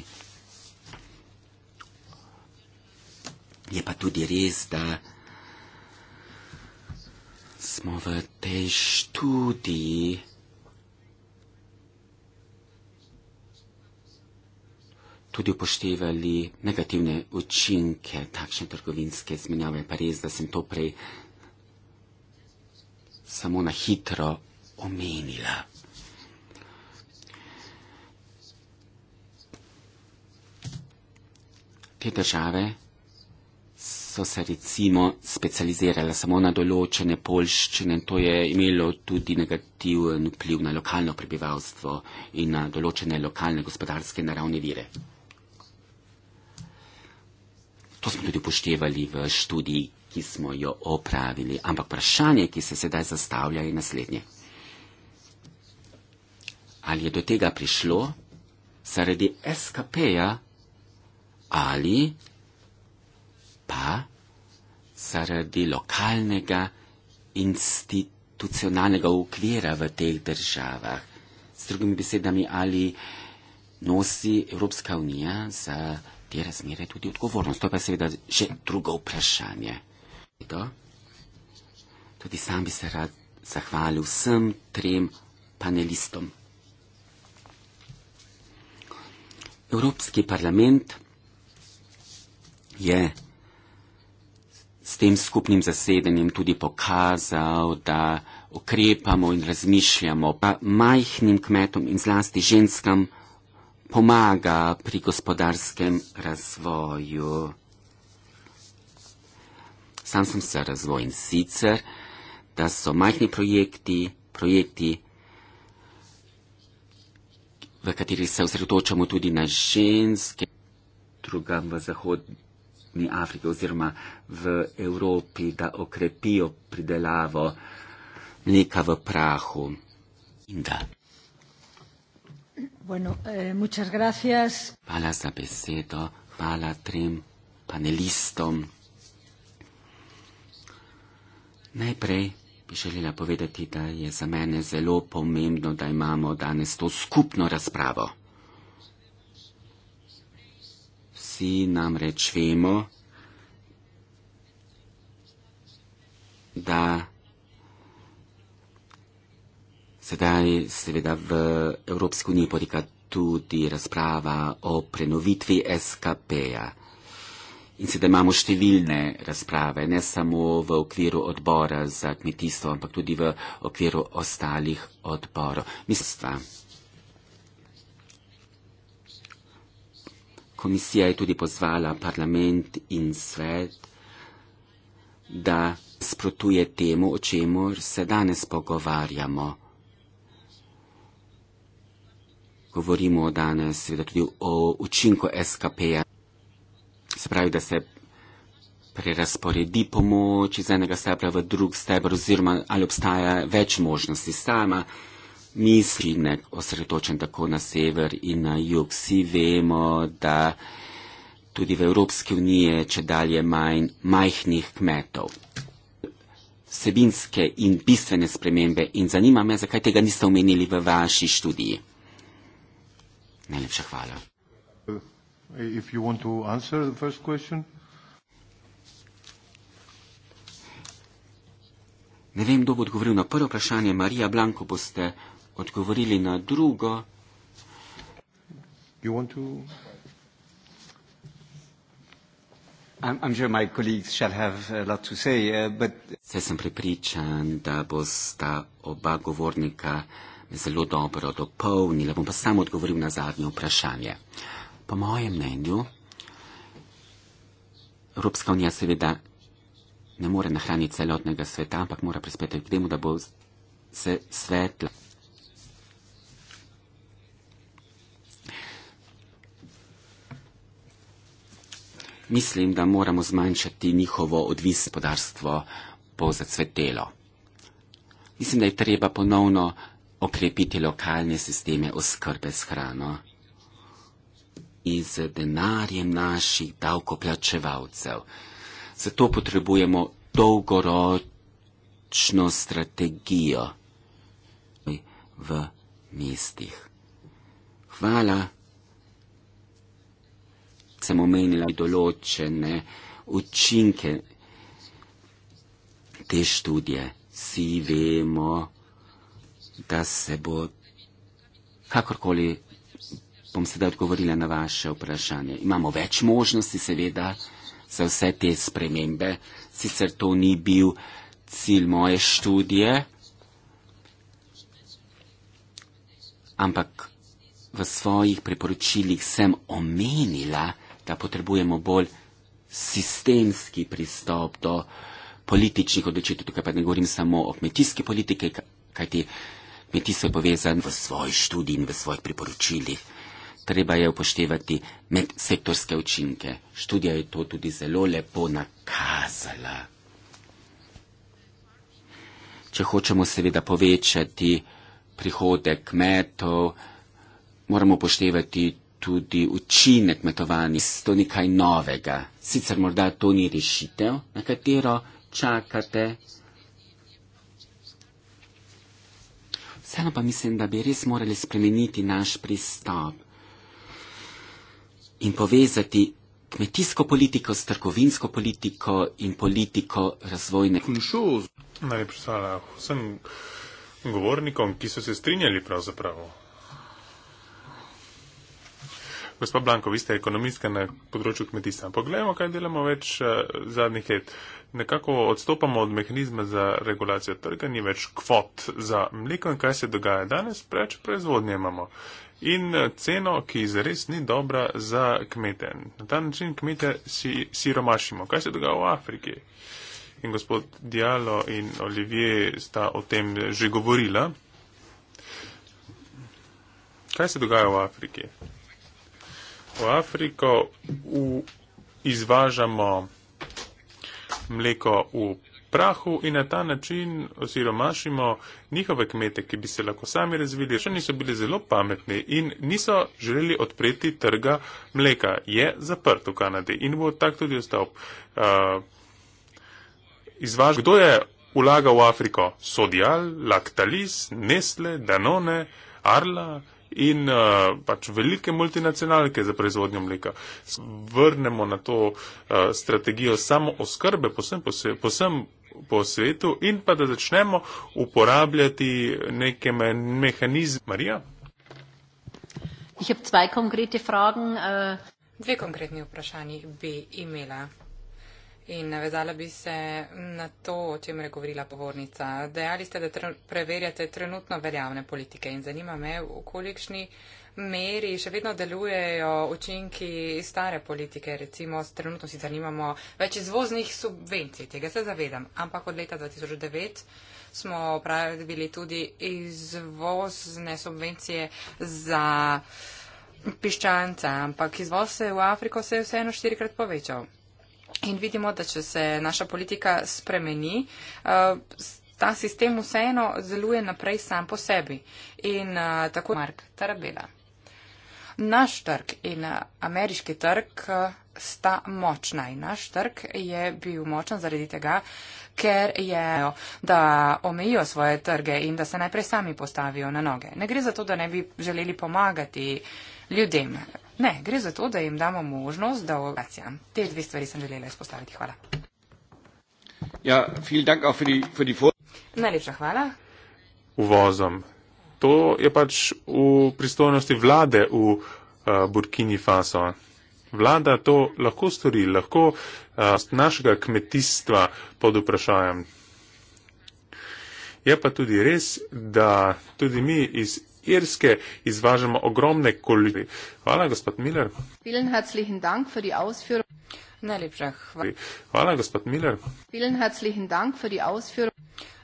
Je pa tudi res, da smo v tej študiji. tudi upoštevali negativne učinke takšne trgovinske izmenjave. Pa res, da sem to prej samo na hitro omenila. Te države so se recimo specializirale samo na določene polščine in to je imelo tudi negativen vpliv na lokalno prebivalstvo in na določene lokalne gospodarske naravne vire. To smo tudi upoštevali v študiji, ki smo jo opravili. Ampak vprašanje, ki se sedaj zastavlja, je naslednje. Ali je do tega prišlo zaradi SKP-ja ali pa zaradi lokalnega institucionalnega ukvira v teh državah? Z drugimi besedami, ali nosi Evropska unija za te razmere tudi odgovornost. To pa je seveda že drugo vprašanje. To? Tudi sam bi se rad zahvalil vsem trem panelistom. Evropski parlament je s tem skupnim zasedanjem tudi pokazal, da ukrepamo in razmišljamo pa majhnim kmetom in zlasti ženskam, pomaga pri gospodarskem razvoju. Sam sem se razvojen sicer, da so majhni projekti, projekti, v katerih se osredotočamo tudi na ženske, druga v Zahodni Afriki oziroma v Evropi, da okrepijo pridelavo mleka v prahu. In da. Bueno, eh, muchas gracias. Palas a peseto, palatrim, panelistom. Najprej bi želela povedati, da je za mene zelo pomembno, da imamo danes to skupno razpravo. Vsi namreč vemo, da Sedaj seveda v Evropski uniji poteka tudi razprava o prenovitvi SKP-ja. In sedaj imamo številne razprave, ne samo v okviru odbora za kmetijstvo, ampak tudi v okviru ostalih odborov. Mislstva. Komisija je tudi pozvala parlament in svet, da sprotuje temu, o čemu se danes pogovarjamo. govorimo danes seveda tudi o učinku SKP-ja. Se pravi, da se prerasporedi pomoč iz enega stebra v drug stebr oziroma ali obstaja več možnosti sama. Mi smo ne osredotočeni tako na sever in na jug. Vsi vemo, da tudi v Evropski uniji je če dalje manj majhnih kmetov. Vsebinske in bistvene spremembe in zanima me, zakaj tega niste omenili v vaši študiji. Najlepša hvala. Ne vem, kdo bo odgovoril na prvo vprašanje. Marija Blanko boste odgovorili na drugo. Sure Saj uh, but... sem prepričan, da bosta oba govornika zelo dobro dopolnila. Bom pa sam odgovoril na zadnje vprašanje. Po mojem mnenju, Evropska unija seveda ne more nahraniti celotnega sveta, ampak mora prispeti k temu, da bo se svet. Mislim, da moramo zmanjšati njihovo odvisno gospodarstvo po zacvetelo. Mislim, da je treba ponovno okrepiti lokalne sisteme oskrbe s hrano. Iz denarjem naših davkoplačevalcev. Zato potrebujemo dolgoročno strategijo v mestih. Hvala. Sem omenila določene učinke te študije. Vsi vemo, da se bo kakorkoli bom sedaj odgovorila na vaše vprašanje. Imamo več možnosti, seveda, za vse te spremembe. Sicer to ni bil cilj moje študije, ampak v svojih priporočilih sem omenila, da potrebujemo bolj sistemski pristop do političnih odločitev. Tukaj pa ne govorim samo o kmetijski politiki, kajti kaj kmetijstvo je povezan v svoji študiji in v svojih priporočilih. Treba je upoštevati medsektorske učinke. Študija je to tudi zelo lepo nakazala. Če hočemo seveda povečati prihode kmetov, moramo upoštevati tudi učinek kmetovanja. To ni kaj novega. Sicer morda to ni rešitev, na katero čakate. Vseeno pa mislim, da bi res morali spremeniti naš pristop in povezati kmetijsko politiko s trgovinsko politiko in politiko razvojne. Najlepša hvala vsem govornikom, ki so se strinjali pravzaprav. Gospod Blanko, vi ste ekonomistka na področju kmetijstva. Poglejmo, kaj delamo več eh, zadnjih let nekako odstopamo od mehanizma za regulacijo trga, ni več kvot za mleko in kaj se dogaja danes, preveč proizvodnje imamo. In eh, ceno, ki zares ni dobra za kmete. Na ta način kmete si, si romašimo. Kaj se dogaja v Afriki? In gospod Dialo in Olivier sta o tem že govorila. Kaj se dogaja v Afriki? V Afriko v, izvažamo mleko v prahu in na ta način osiromašimo njihove kmete, ki bi se lahko sami razvili. Še niso bili zelo pametni in niso želeli odpreti trga mleka. Je zaprt v Kanadi in bo tak tudi ostal. Uh, izvaž, kdo je vlagal v Afriko? Sodial, Lactalis, Nestle, Danone, Arla in uh, pač velike multinacionalke za proizvodnjo mleka. Vrnemo na to uh, strategijo samo oskrbe posem, posem, posem po svetu in pa da začnemo uporabljati neke me mehanizme. Marija? Äh, Dve konkretni vprašanji bi imela. In navezala bi se na to, o čem je govorila povornica. Dejali ste, da tr preverjate trenutno veljavne politike in zanima me, v kolikšni meri še vedno delujejo učinki stare politike. Recimo, trenutno si zanimamo več izvoznih subvencij, tega se zavedam. Ampak od leta 2009 smo pravili tudi izvozne subvencije za piščanca, ampak izvoz se v Afriko se je vseeno štirikrat povečal in vidimo, da če se naša politika spremeni, eh, ta sistem vseeno zeluje naprej sam po sebi. In eh, tako je Mark Tarabela. Naš trg in eh, ameriški trg sta močna in naš trg je bil močen zaradi tega, ker je, da omejijo svoje trge in da se najprej sami postavijo na noge. Ne gre za to, da ne bi želeli pomagati ljudem, Ne, gre za to, da jim damo možnost, da obracijam. Te dve stvari sem želela izpostaviti. Hvala. Ja, dank auch für die, für die Najlepša hvala. Uvozom. To je pač v pristojnosti vlade v uh, Burkini Faso. Vlada to lahko stori, lahko uh, našega kmetijstva pod vprašanjem. Je pa tudi res, da tudi mi iz Irske izvažamo ogromne količine. Hvala, gospod Miller. Vielen herzlichen Dank für die Ausführung. Najlepša hvala. Hvala, gospod Miller. Vielen herzlichen Dank für die Ausführung.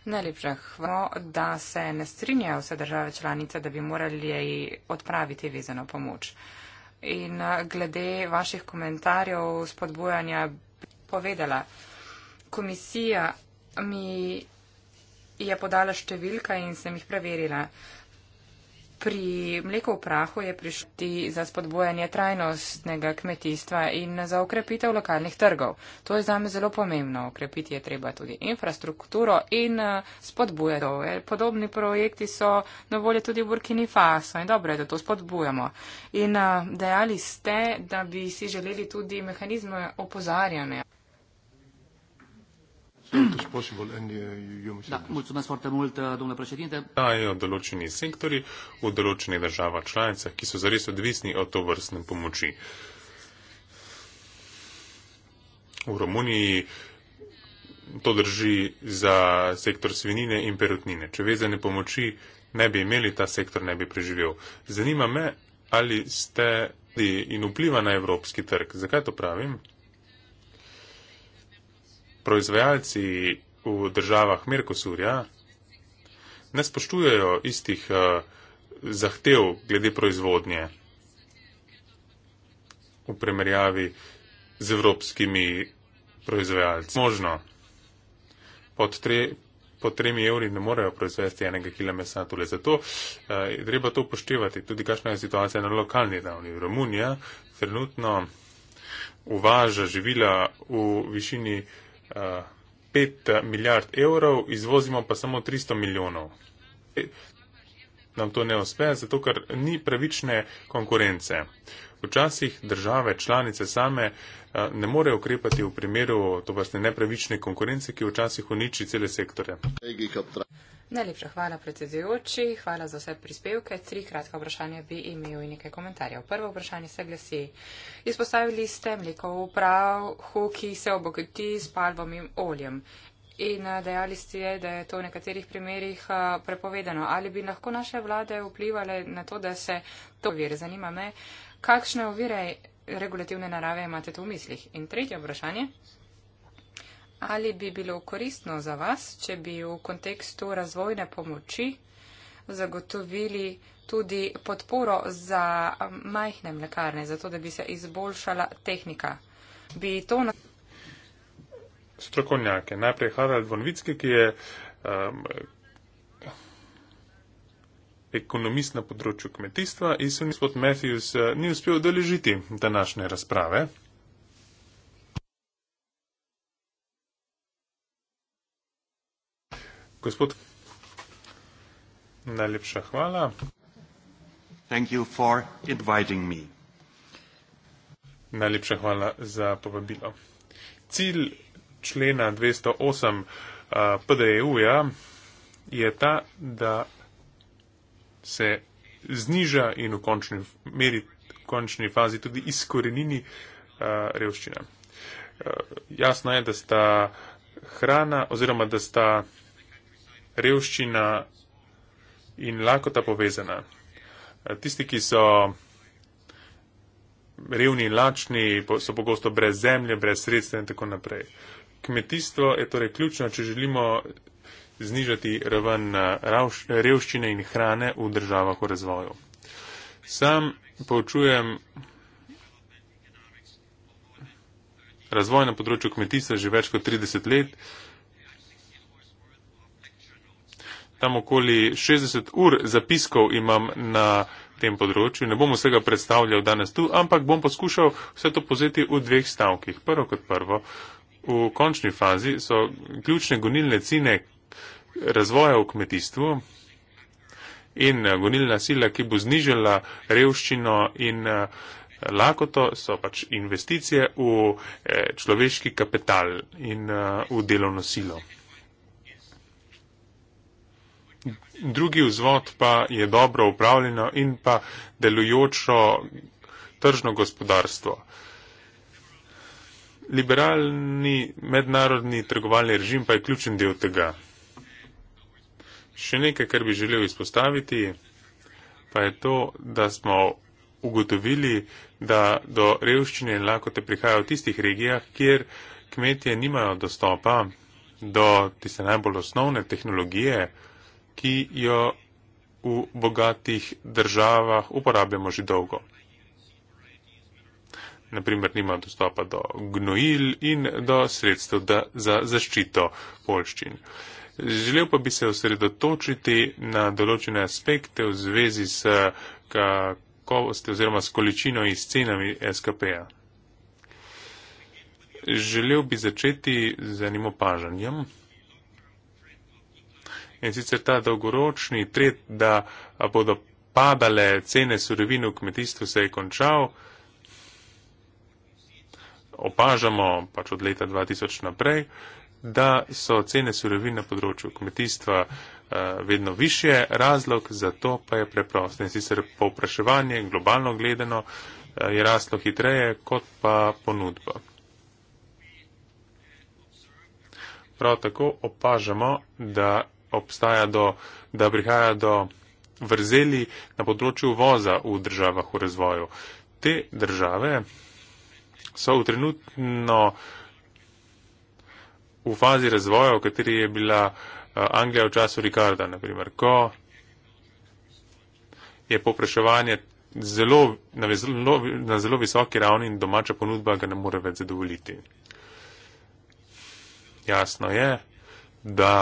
Najlepša hvala, da se ne strinjajo vse države članice, da bi morali odpraviti vezano pomoč. In eh, glede vaših komentarjev spodbujanja povedala, komisija mi je podala številka in sem jih preverila. Pri mleku v prahu je prišti za spodbojanje trajnostnega kmetijstva in za ukrepitev lokalnih trgov. To je zame zelo pomembno. Ukrepiti je treba tudi infrastrukturo in eh, spodbujati. Podobni projekti so na voljo tudi v Burkini Faso in dobro je, da to spodbujamo. In eh, dejali ste, da bi si želeli tudi mehanizme opozarjanja as possible and uh, you da, mulțumesc foarte mult, uh, domnule președinte. Da, e o določeni sectori, o določeni država članica, ki so zares odvisni od to vrstne pomoči. V Romuniji to drži za sektor svinine in perutnine. Če vezane pomoči ne bi imeli, ta sektor ne bi preživel. Zanima me, ali ste in e, e vpliva na evropski trg. Zakaj to pravim? proizvajalci v državah Merkosurja ne spoštujejo istih eh, zahtev glede proizvodnje v primerjavi z evropskimi proizvajalci. Možno, pod, tre, pod tremi evri ne morejo proizvesti enega kila mesa tule. Zato eh, je treba to upoštevati. Tudi kakšna je situacija na lokalni ravni. Romunija trenutno uvaža živila v višini 5 milijard evrov, izvozimo pa samo 300 milijonov. E, nam to ne uspe, zato ker ni pravične konkurence. Včasih države članice same e, ne morejo ukrepati v primeru to vrste nepravične konkurence, ki včasih uniči cele sektore. Najlepša hvala, predsedujoči. Hvala za vse prispevke. Tri kratka vprašanja bi imel in nekaj komentarjev. Prvo vprašanje se glasi. Izpostavili ste mleko v prahu, ki se obogati s palvovim oljem. In eh, dejali ste, da je to v nekaterih primerjih eh, prepovedano. Ali bi lahko naše vlade vplivali na to, da se to vir? Zanima me, kakšne ovire regulativne narave imate tu v mislih. In tretje vprašanje ali bi bilo koristno za vas, če bi v kontekstu razvojne pomoči zagotovili tudi podporo za um, majhne mlekarne, zato da bi se izboljšala tehnika. Bi to na... Strokovnjake. Najprej Harald Vonvicki, ki je um, ekonomist na področju kmetijstva in se gospod Matthews uh, ni uspel deležiti današnje razprave. Gospod, najlepša hvala. Najlepša hvala za povabilo. Cilj člena 208 uh, PDEU-ja je ta, da se zniža in v končni, meri, končni fazi tudi izkorenini uh, revščina. Uh, jasno je, da sta hrana oziroma da sta revščina in lakota povezana. E, tisti, ki so revni in lačni, so pogosto brez zemlje, brez sredstva in tako naprej. Kmetijstvo je torej ključno, če želimo znižati raven e, revščine in hrane v državah v razvoju. Sam poučujem razvoj na področju kmetijstva že več kot 30 let. tam okoli 60 ur zapiskov imam na tem področju. Ne bom vsega predstavljal danes tu, ampak bom poskušal vse to pozeti v dveh stavkih. Prvo kot prvo, v končni fazi so ključne gonilne cine razvoja v kmetijstvu in eh, gonilna sila, ki bo znižala revščino in eh, lakoto, so pač investicije v eh, človeški kapital in v delovno silo drugi vzvod pa je dobro upravljeno in pa delujočo tržno gospodarstvo. Liberalni mednarodni trgovalni režim pa je ključen del tega. Še nekaj, kar bi želel izpostaviti, pa je to, da smo ugotovili, da do revščine in lakote prihaja v tistih regijah, kjer kmetje nimajo dostopa do tiste najbolj osnovne tehnologije, ki jo v bogatih državah uporabljamo že dolgo. Naprimer, nima dostopa do gnojil in do sredstev da, za zaščito polščin. Želel pa bi se osredotočiti na določene aspekte v zvezi s kakovosti oziroma s količino in s cenami SKP-ja. Želel bi začeti z enim opažanjem in sicer ta dolgoročni tret, da bodo padale cene surovin v kmetijstvu, se je končal. Opažamo pač od leta 2000 naprej, da so cene surovin na področju kmetijstva eh, vedno više, razlog za to pa je preprost. In sicer povpraševanje, globalno gledano, eh, je raslo hitreje kot pa ponudba. Prav tako opažamo, da obstaja do, da prihaja do vrzeli na področju voza v državah v razvoju. Te države so v trenutno v fazi razvoja, v kateri je bila eh, Anglija v času Rikarda, naprimer, ko je popraševanje zelo, na, zelo, na zelo visoki ravni in domača ponudba ga ne more več zadovoljiti. Jasno je, da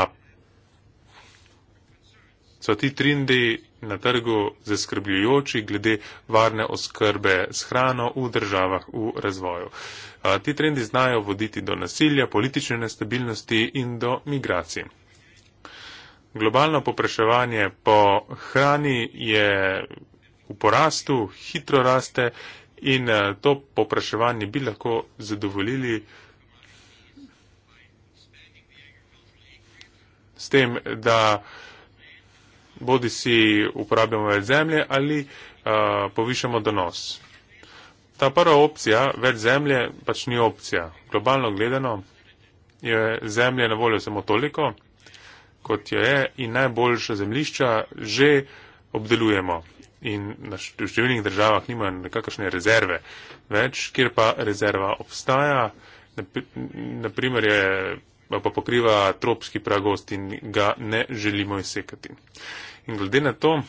so ti trendi na trgu zaskrbljujoči glede varne oskrbe s hrano v državah v razvoju. Ti trendi znajo voditi do nasilja, politične nestabilnosti in do migracij. Globalno popraševanje po hrani je v porastu, hitro raste in to popraševanje bi lahko zadovoljili s tem, da bodi si uporabljamo več zemlje ali uh, povišamo donos. Ta prva opcija, več zemlje, pač ni opcija. Globalno gledano je zemlje na voljo samo toliko, kot jo je in najboljša zemlišča že obdelujemo. In na številnih državah nimajo nekakšne rezerve. Več, kjer pa rezerva obstaja, naprimer je pa pokriva tropski pragost in ga ne želimo izsekati. In glede na to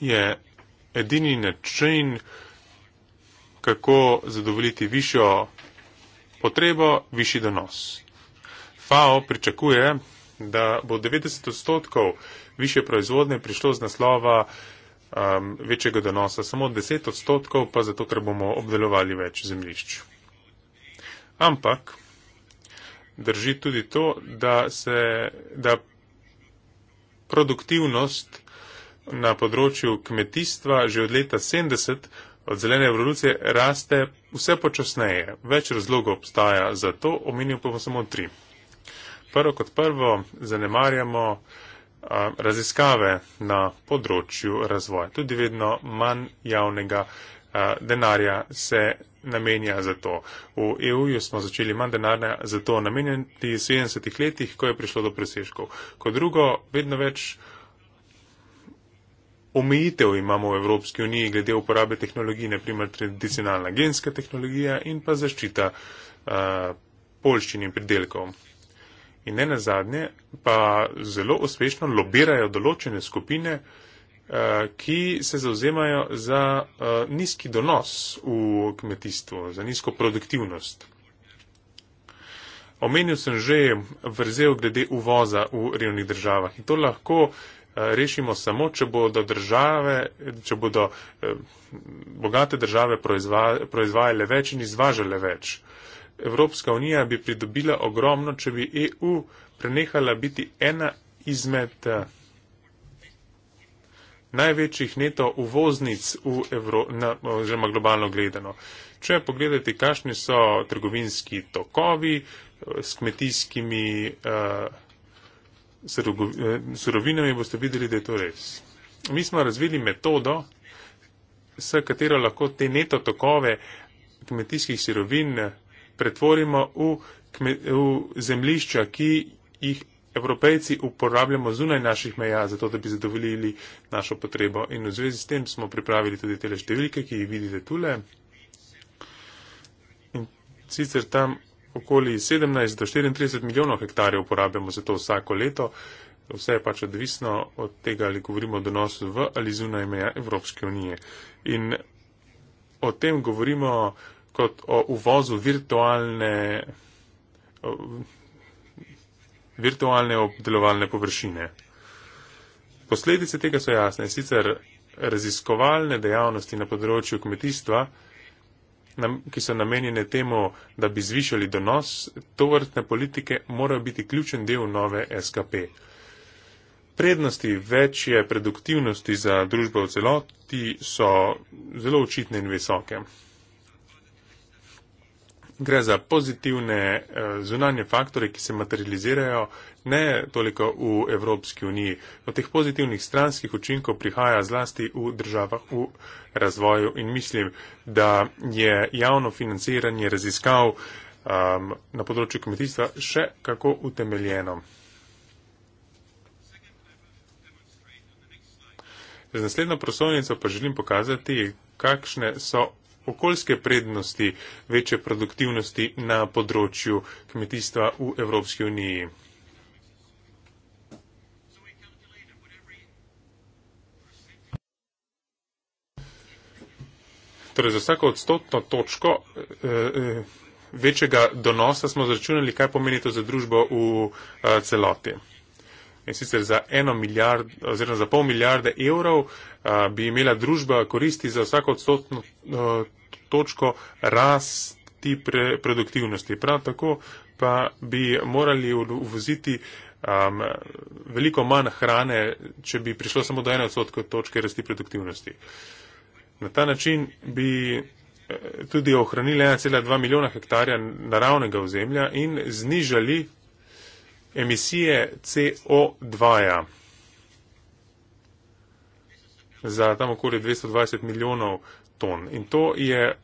je edini način, kako zadovoljiti višjo potrebo, višji donos. FAO pričakuje, da bo 90 odstotkov više proizvodne prišlo z naslova um, večjega donosa, samo 10 odstotkov pa zato, ker bomo obdelovali več zemlišč. Ampak drži tudi to, da se da produktivnost na področju kmetijstva že od leta 70 od zelene evolucije raste vse počasneje. Več razlogov obstaja za to, omenil pa bom samo tri. Prvo kot prvo zanemarjamo raziskave na področju razvoja. Tudi vedno manj javnega denarja se namenja za to. V EU-ju smo začeli manj denarja za to namenjati v 70-ih letih, ko je prišlo do presežkov. Kot drugo, vedno več omejitev imamo v Evropski uniji glede uporabe tehnologije, naprimer tradicionalna genska tehnologija in pa zaščita polščin in pridelkov. In ne nazadnje, pa zelo uspešno lobirajo določene skupine, uh, Eh, ki se zauzemajo za eh, nizki donos v kmetijstvu, za nizko produktivnost. Omenil sem že vrzel glede uvoza v revnih državah in to lahko eh, rešimo samo, če bodo, države, če bodo bogate države proizva, proizvajale več in izvažale več. Evropska unija bi pridobila ogromno, če bi EU prenehala biti ena izmed največjih neto uvoznic v Evro, na, oziroma globalno gledano. Če pogledate, kakšni so trgovinski tokovi eh, s kmetijskimi uh, surovinami, boste videli, da je to res. Mi smo razvili metodo, s katero lahko te neto tokove kmetijskih surovin pretvorimo v, kme, v zemlišča, ki jih evropejci uporabljamo zunaj naših meja, zato da bi zadovoljili našo potrebo. In v zvezi s tem smo pripravili tudi tele številke, ki jih vidite tule. In sicer tam okoli 17 do 34 milijonov hektarjev uporabljamo za to vsako leto. Vse je pač odvisno od tega, ali govorimo o donosu v ali zunaj meja Evropske unije. In o tem govorimo kot o uvozu virtualne, virtualne obdelovalne površine. Posledice tega so jasne. Sicer raziskovalne dejavnosti na področju kmetijstva, ki so namenjene temu, da bi zvišali donos, to vrtne politike mora biti ključen del nove SKP. Prednosti večje produktivnosti za družbo v celoti so zelo očitne in visoke gre za pozitivne eh, zunanje faktore, ki se materializirajo ne toliko v Evropski uniji. Od teh pozitivnih stranskih učinkov prihaja zlasti v državah v razvoju in mislim, da je javno financiranje raziskav um, na področju kmetijstva še kako utemeljeno. Z naslednjo prosovnico pa želim pokazati, kakšne so okoljske prednosti večje produktivnosti na področju kmetijstva v Evropski uniji. Torej za vsako odstotno točko eh, eh, večjega donosa smo zračunali, kaj pomeni to za družbo v eh, celoti in sicer za eno milijard oziroma za pol milijarde evrov a, uh, bi imela družba koristi za vsako odstotno a, uh, točko rasti pre, produktivnosti. Prav tako pa bi morali uvoziti um, veliko manj hrane, če bi prišlo samo do ene odstotke točke rasti produktivnosti. Na ta način bi eh, tudi ohranili 1,2 milijona hektarja naravnega ozemlja in znižali emisije CO2. -ja. Za tam okoli 220 milijonov ton. In to je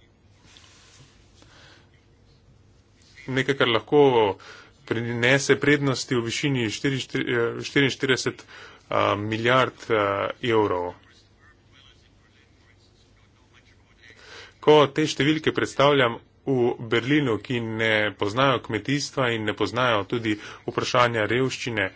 nekaj, kar lahko prinese prednosti v višini 44 eh, eh, milijard eh, evrov. Ko te številke predstavljam, v Berlinu, ki ne poznajo kmetijstva in ne poznajo tudi vprašanja revščine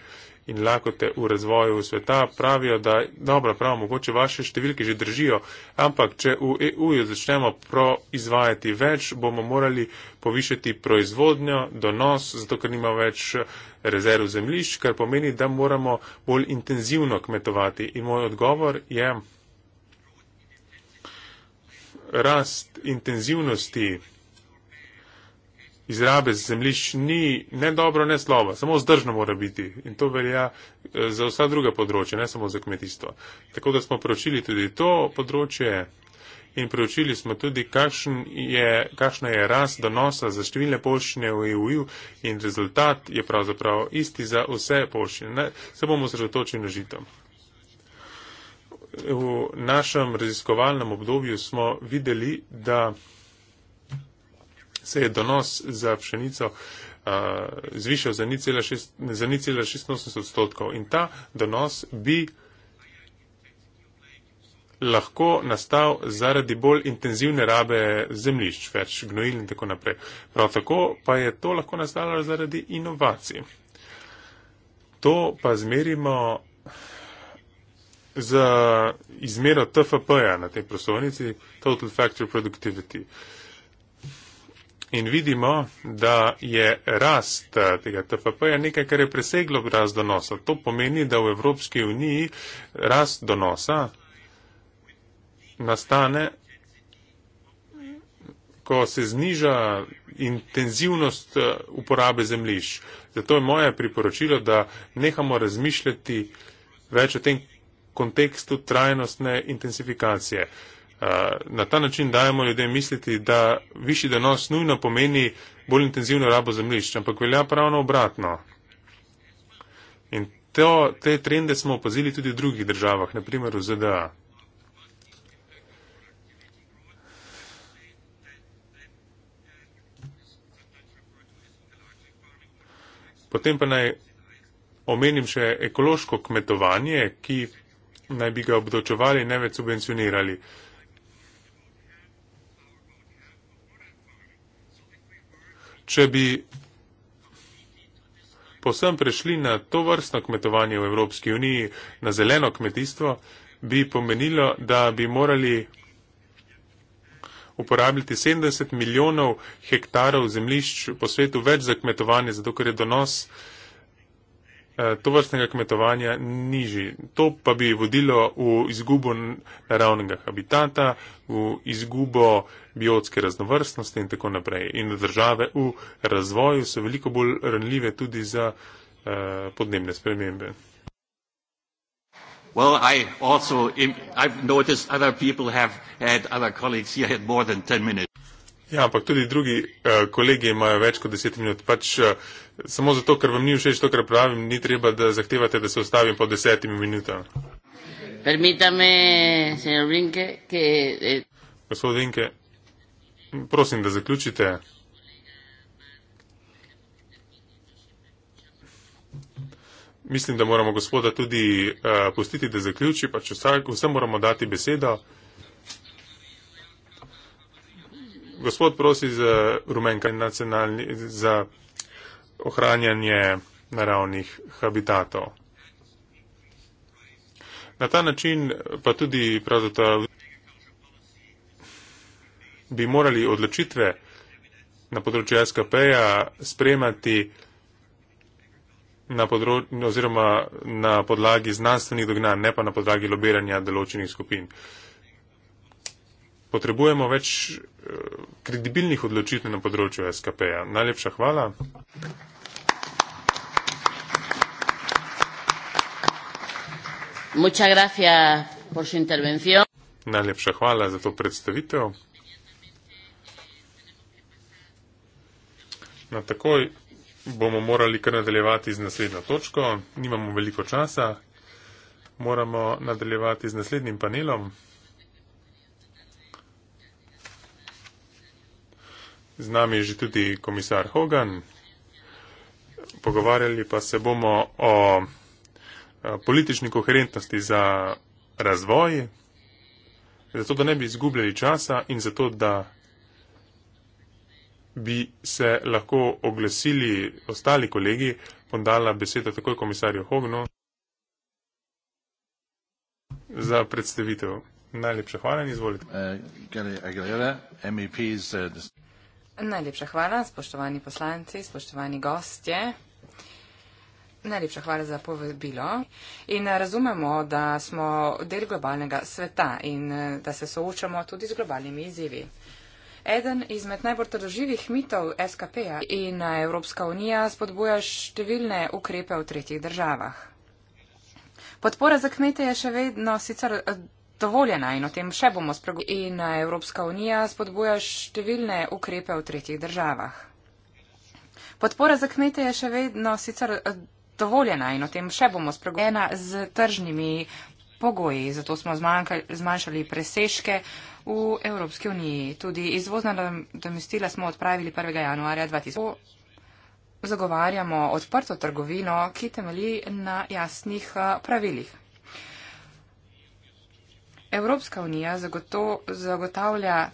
in lakote v razvoju sveta, pravijo, da dobro, prav, mogoče vaše številke že držijo, ampak če v EU-ju začnemo proizvajati več, bomo morali povišati proizvodnjo, donos, zato ker nima več rezerv zemljišč, kar pomeni, da moramo bolj intenzivno kmetovati. In moj odgovor je, rast intenzivnosti izrabe zemljišč ni ne dobro, ne slabo, samo zdržno mora biti. In to velja eh, za vsa druga področja, ne samo za kmetijstvo. Tako da smo preučili tudi to področje in preučili smo tudi, je, kakšna je rast donosa za številne poščine v EU in rezultat je pravzaprav isti za vse poščine. Se bomo sredotočili na žitom. V našem raziskovalnem obdobju smo videli, da se je donos za pšenico uh, zvišal za 0,86 odstotkov in ta donos bi lahko nastal zaradi bolj intenzivne rabe zemljišč, več gnojil in tako naprej. Prav tako pa je to lahko nastalo zaradi inovacij. To pa zmerimo z izmero TFP-ja na tej prosovnici, Total Factor Productivity. Uh, in vidimo, da je rast eh, tega TFP-ja nekaj, kar je preseglo rast donosa. To pomeni, da v Evropski uniji rast donosa nastane, ko se zniža intenzivnost eh, uporabe zemljišč. Zato je moje priporočilo, da nehamo razmišljati več o tem kontekstu trajnostne intensifikacije na ta način dajemo ljudem misliti, da višji donos nujno pomeni bolj intenzivno rabo zemljišč, ampak velja pravno obratno. In to, te trende smo opazili tudi v drugih državah, naprimer v ZDA. Potem pa naj omenim še ekološko kmetovanje, ki naj bi ga obdočevali, ne več subvencionirali. Uh, Če bi posem prešli na to vrstno kmetovanje v Evropski uniji, na zeleno kmetijstvo, bi pomenilo, da bi morali uporabljati 70 milijonov hektarov zemljišč po svetu več za kmetovanje, zato ker je donos Eh, to vrstnega kmetovanja nižji. To pa bi vodilo v izgubo naravnega habitata, v izgubo biotske raznovrstnosti in tako naprej. In države v razvoju so veliko bolj ranljive tudi za eh, podnebne spremembe. Well, I also, I've noticed other people have had other colleagues here had more than 10 minutes. Ja, ampak tudi drugi uh, kolegi imajo več kot deset minut. Pač uh, samo zato, ker vam ni všeč to, kar pravim, ni treba, da zahtevate, da se ustavim po desetimi minutami. Permitame, senor Vinke, ki. Eh. Gospod Vinke, prosim, da zaključite. Mislim, da moramo gospoda tudi uh, pustiti, da zaključi, pač vsem moramo dati besedo. gospod prosi za rumenka nacionalni, za ohranjanje naravnih habitatov. Na ta način pa tudi pravzaprav bi morali odločitve na področju SKP-ja spremati na področju oziroma na podlagi znanstvenih dognanj, ne pa na podlagi lobiranja določenih skupin potrebujemo več eh, kredibilnih odločitev na področju SKP-ja. Najlepša hvala. Najlepša hvala za to predstavitev. Na no, takoj bomo morali kar nadaljevati z naslednjo točko. Nimamo veliko časa. Moramo nadaljevati z naslednjim panelom. Z nami je že tudi komisar Hogan. Pogovarjali pa se bomo o politični koherentnosti za razvoj, zato da ne bi izgubljali časa in zato da bi se lahko oglesili ostali kolegi, podala beseda takoj komisarju Hognu za predstavitev. Najlepša hvala in izvolite. Uh, Najlepša hvala, spoštovani poslanci, spoštovani gostje. Najlepša hvala za povabilo. In eh, razumemo, da smo del globalnega sveta in eh, da se soočamo tudi z globalnimi izzivi. Eden izmed najbolj trdoživih mitov SKP-a in eh, Evropska unija spodbuja številne ukrepe v tretjih državah. Podpora za kmete je še vedno sicer zadovoljena in o tem še bomo spregovorili. In Evropska unija spodbuja številne ukrepe v tretjih državah. Podpora za kmete je še vedno sicer eh, dovoljena in o tem še bomo spregovorili z tržnimi pogoji, zato smo zmanjšali presežke v Evropski uniji. Tudi izvozna domestila smo odpravili 1. januarja 2000. Zagovarjamo odprto trgovino, ki temelji na jasnih eh, pravilih. Evropska unija zagoto, zagotavlja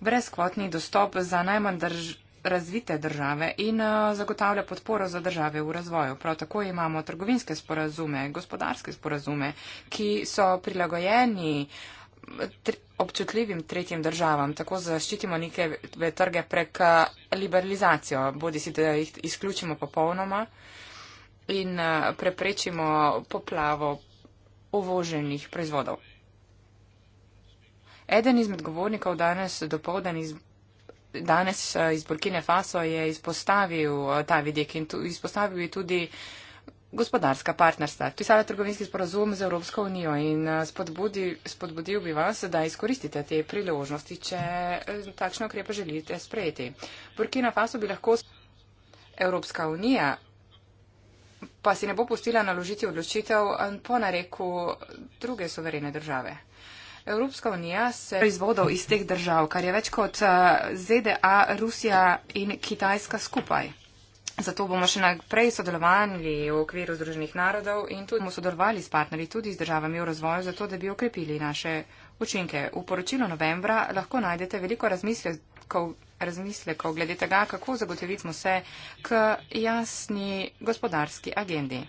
brezkvotni dostop za najmanj drž, razvite države in eh, zagotavlja podporo za države v razvoju. Prav tako imamo trgovinske sporazume, gospodarske sporazume, ki so prilagojeni eh, tr, občutljivim tretjim državam. Tako zaščitimo neke eh, trge prek liberalizacijo, bodi si, da jih izključimo popolnoma in preprečimo poplavo uvoženih proizvodov. Eden izmed govornikov danes dopovdan iz, danes eh, iz Burkine Faso je izpostavil eh, ta vidik in tu, izpostavil je tudi gospodarska partnerstva. Tu je trgovinski sporazum z Evropsko unijo in eh, spodbudi, spodbudil bi vas, da izkoristite te priložnosti, če takšne ukrepe želite sprejeti. Burkina Faso bi lahko Evropska unija pa si ne bo pustila naložiti odločitev po nareku druge suverene države. Evropska unija se proizvodov iz teh držav, kar je več kot eh, ZDA, Rusija in Kitajska skupaj. Zato bomo še naprej sodelovali v okviru Združenih narodov in tudi bomo sodelovali s partnerji tudi z državami v razvoju, zato da bi okrepili naše učinke. V poročilu novembra lahko najdete veliko razmislitev razmislekov, razmislekov glede tega, kako zagotoviti smo se k jasni gospodarski agendi.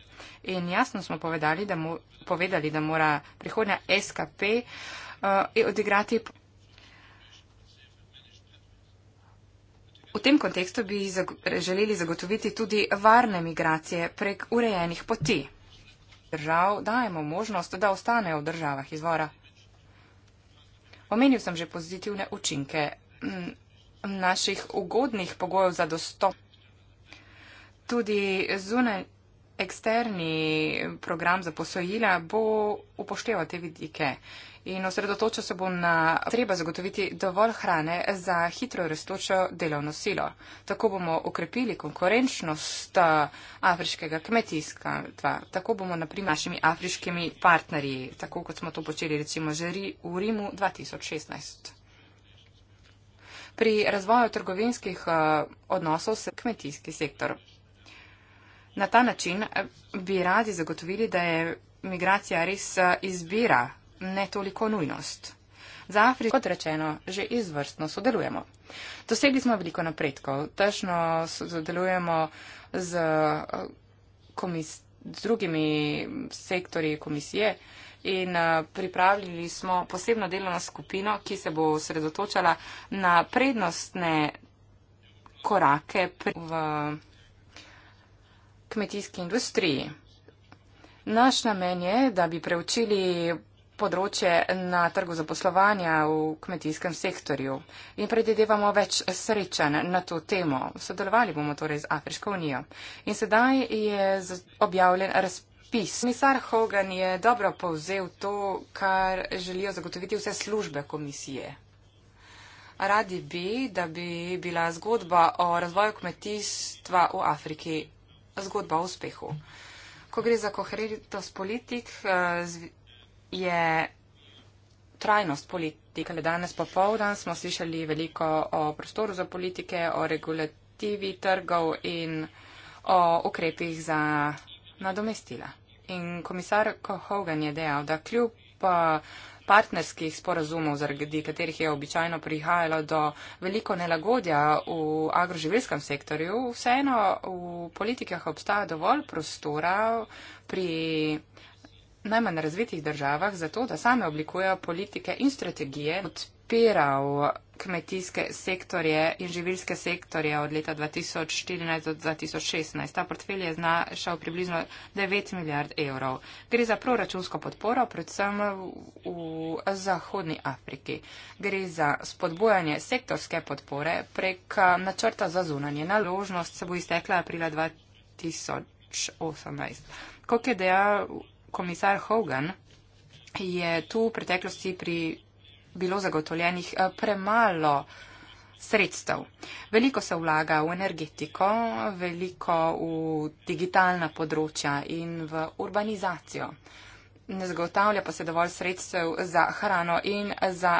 In jasno smo povedali, da, mu, povedali, da mora prihodnja SKP uh, eh, odigrati. V tem kontekstu bi zag želeli zagotoviti tudi varne migracije prek urejenih poti. Držav dajemo možnost, da ostanejo v državah izvora. Omenil sem že pozitivne učinke. Mm, naših ugodnih pogojev za dostop. Tudi zunaj eksterni program za posojila bo upošteval te vidike in osredotoča se bo na treba zagotoviti dovolj hrane za hitro rastočo delovno silo. Tako bomo okrepili konkurenčnost eh, afriškega kmetijstva. Tako bomo naprimer našimi afriškimi partnerji, tako kot smo to počeli recimo že v Rimu 2016 pri razvoju trgovinskih eh, odnosov s kmetijski sektor. Na ta način eh, bi radi zagotovili, da je migracija res eh, izbira, ne toliko nujnost. Za Afriko, kot rečeno, že izvrstno sodelujemo. Dosegli smo veliko napredkov. Tešno sodelujemo z, komis, z drugimi sektori komisije, in eh, pripravili smo posebno delovno skupino, ki se bo sredotočala na prednostne korake v kmetijski industriji. Naš namen je, da bi preučili področje na trgu zaposlovanja v kmetijskem sektorju in predvidevamo več srečanj na to temo. Sodelovali bomo torej z Afriško unijo. In sedaj je objavljen razpis razpis. Komisar Hogan je dobro povzel to, kar želijo zagotoviti vse službe komisije. Radi bi, da bi bila zgodba o razvoju kmetijstva v Afriki zgodba o uspehu. Ko gre za koherentnost politik, eh, je trajnost politike. Danes popovdan smo slišali veliko o prostoru za politike, o regulativi trgov in o ukrepih za nadomestila. In komisar Kohogan je dejal, da kljub eh, partnerskih sporazumov, zaradi katerih je običajno prihajalo do veliko nelagodja v agroživljskem sektorju, vseeno v politikah obstaja dovolj prostora pri najmanj razvitih državah za to, da same oblikujejo politike in strategije, odpiral kmetijske sektorje in živilske sektorje od leta 2014 do 2016. Ta portfelj je znašal približno 9 milijard evrov. Gre za proračunsko podporo, predvsem v Zahodni Afriki. Gre za spodbojanje sektorske podpore prek eh, načrta za zunanje. Naložnost se bo iztekla aprila 2018. Kot je dejal komisar Hogan, je tu v preteklosti pri bilo zagotovljenih eh, premalo sredstev. Veliko se vlaga v energetiko, veliko v digitalna področja in v urbanizacijo. Ne zagotavlja pa se dovolj sredstev za hrano in za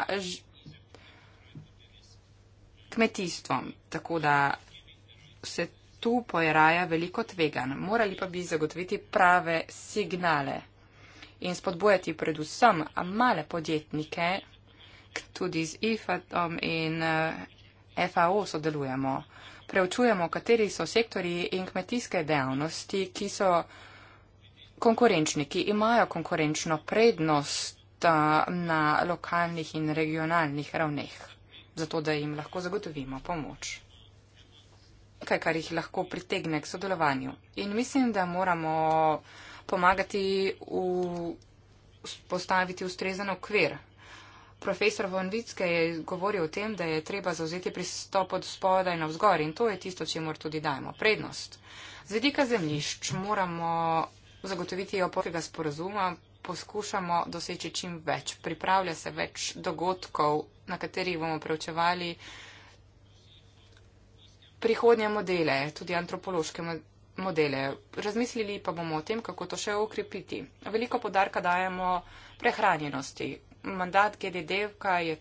kmetijstvo. Tako da se tu pojeraja veliko tvegan. Morali pa bi zagotoviti prave signale in spodbojati predvsem male podjetnike Tudi z IFAD-om in eh, FAO sodelujemo. Preučujemo, kateri so sektori in kmetijske dejavnosti, ki so konkurenčni, ki imajo konkurenčno prednost eh, na lokalnih in regionalnih ravneh, zato da jim lahko zagotovimo pomoč. Nekaj, kar jih lahko pritegne k sodelovanju. In mislim, da moramo pomagati v postaviti ustrezen okvir profesor Vonvitske je govoril o tem, da je treba zauzeti pristop od spodaj na vzgor in to je tisto, če mora tudi dajemo prednost. Z vedika zemljišč moramo zagotoviti opokega sporozuma, poskušamo doseči čim več. Pripravlja se več dogodkov, na katerih bomo preučevali prihodnje modele, tudi antropološke modele. Razmislili pa bomo o tem, kako to še okrepiti. Veliko podarka dajemo prehranjenosti mandat GDD-ka je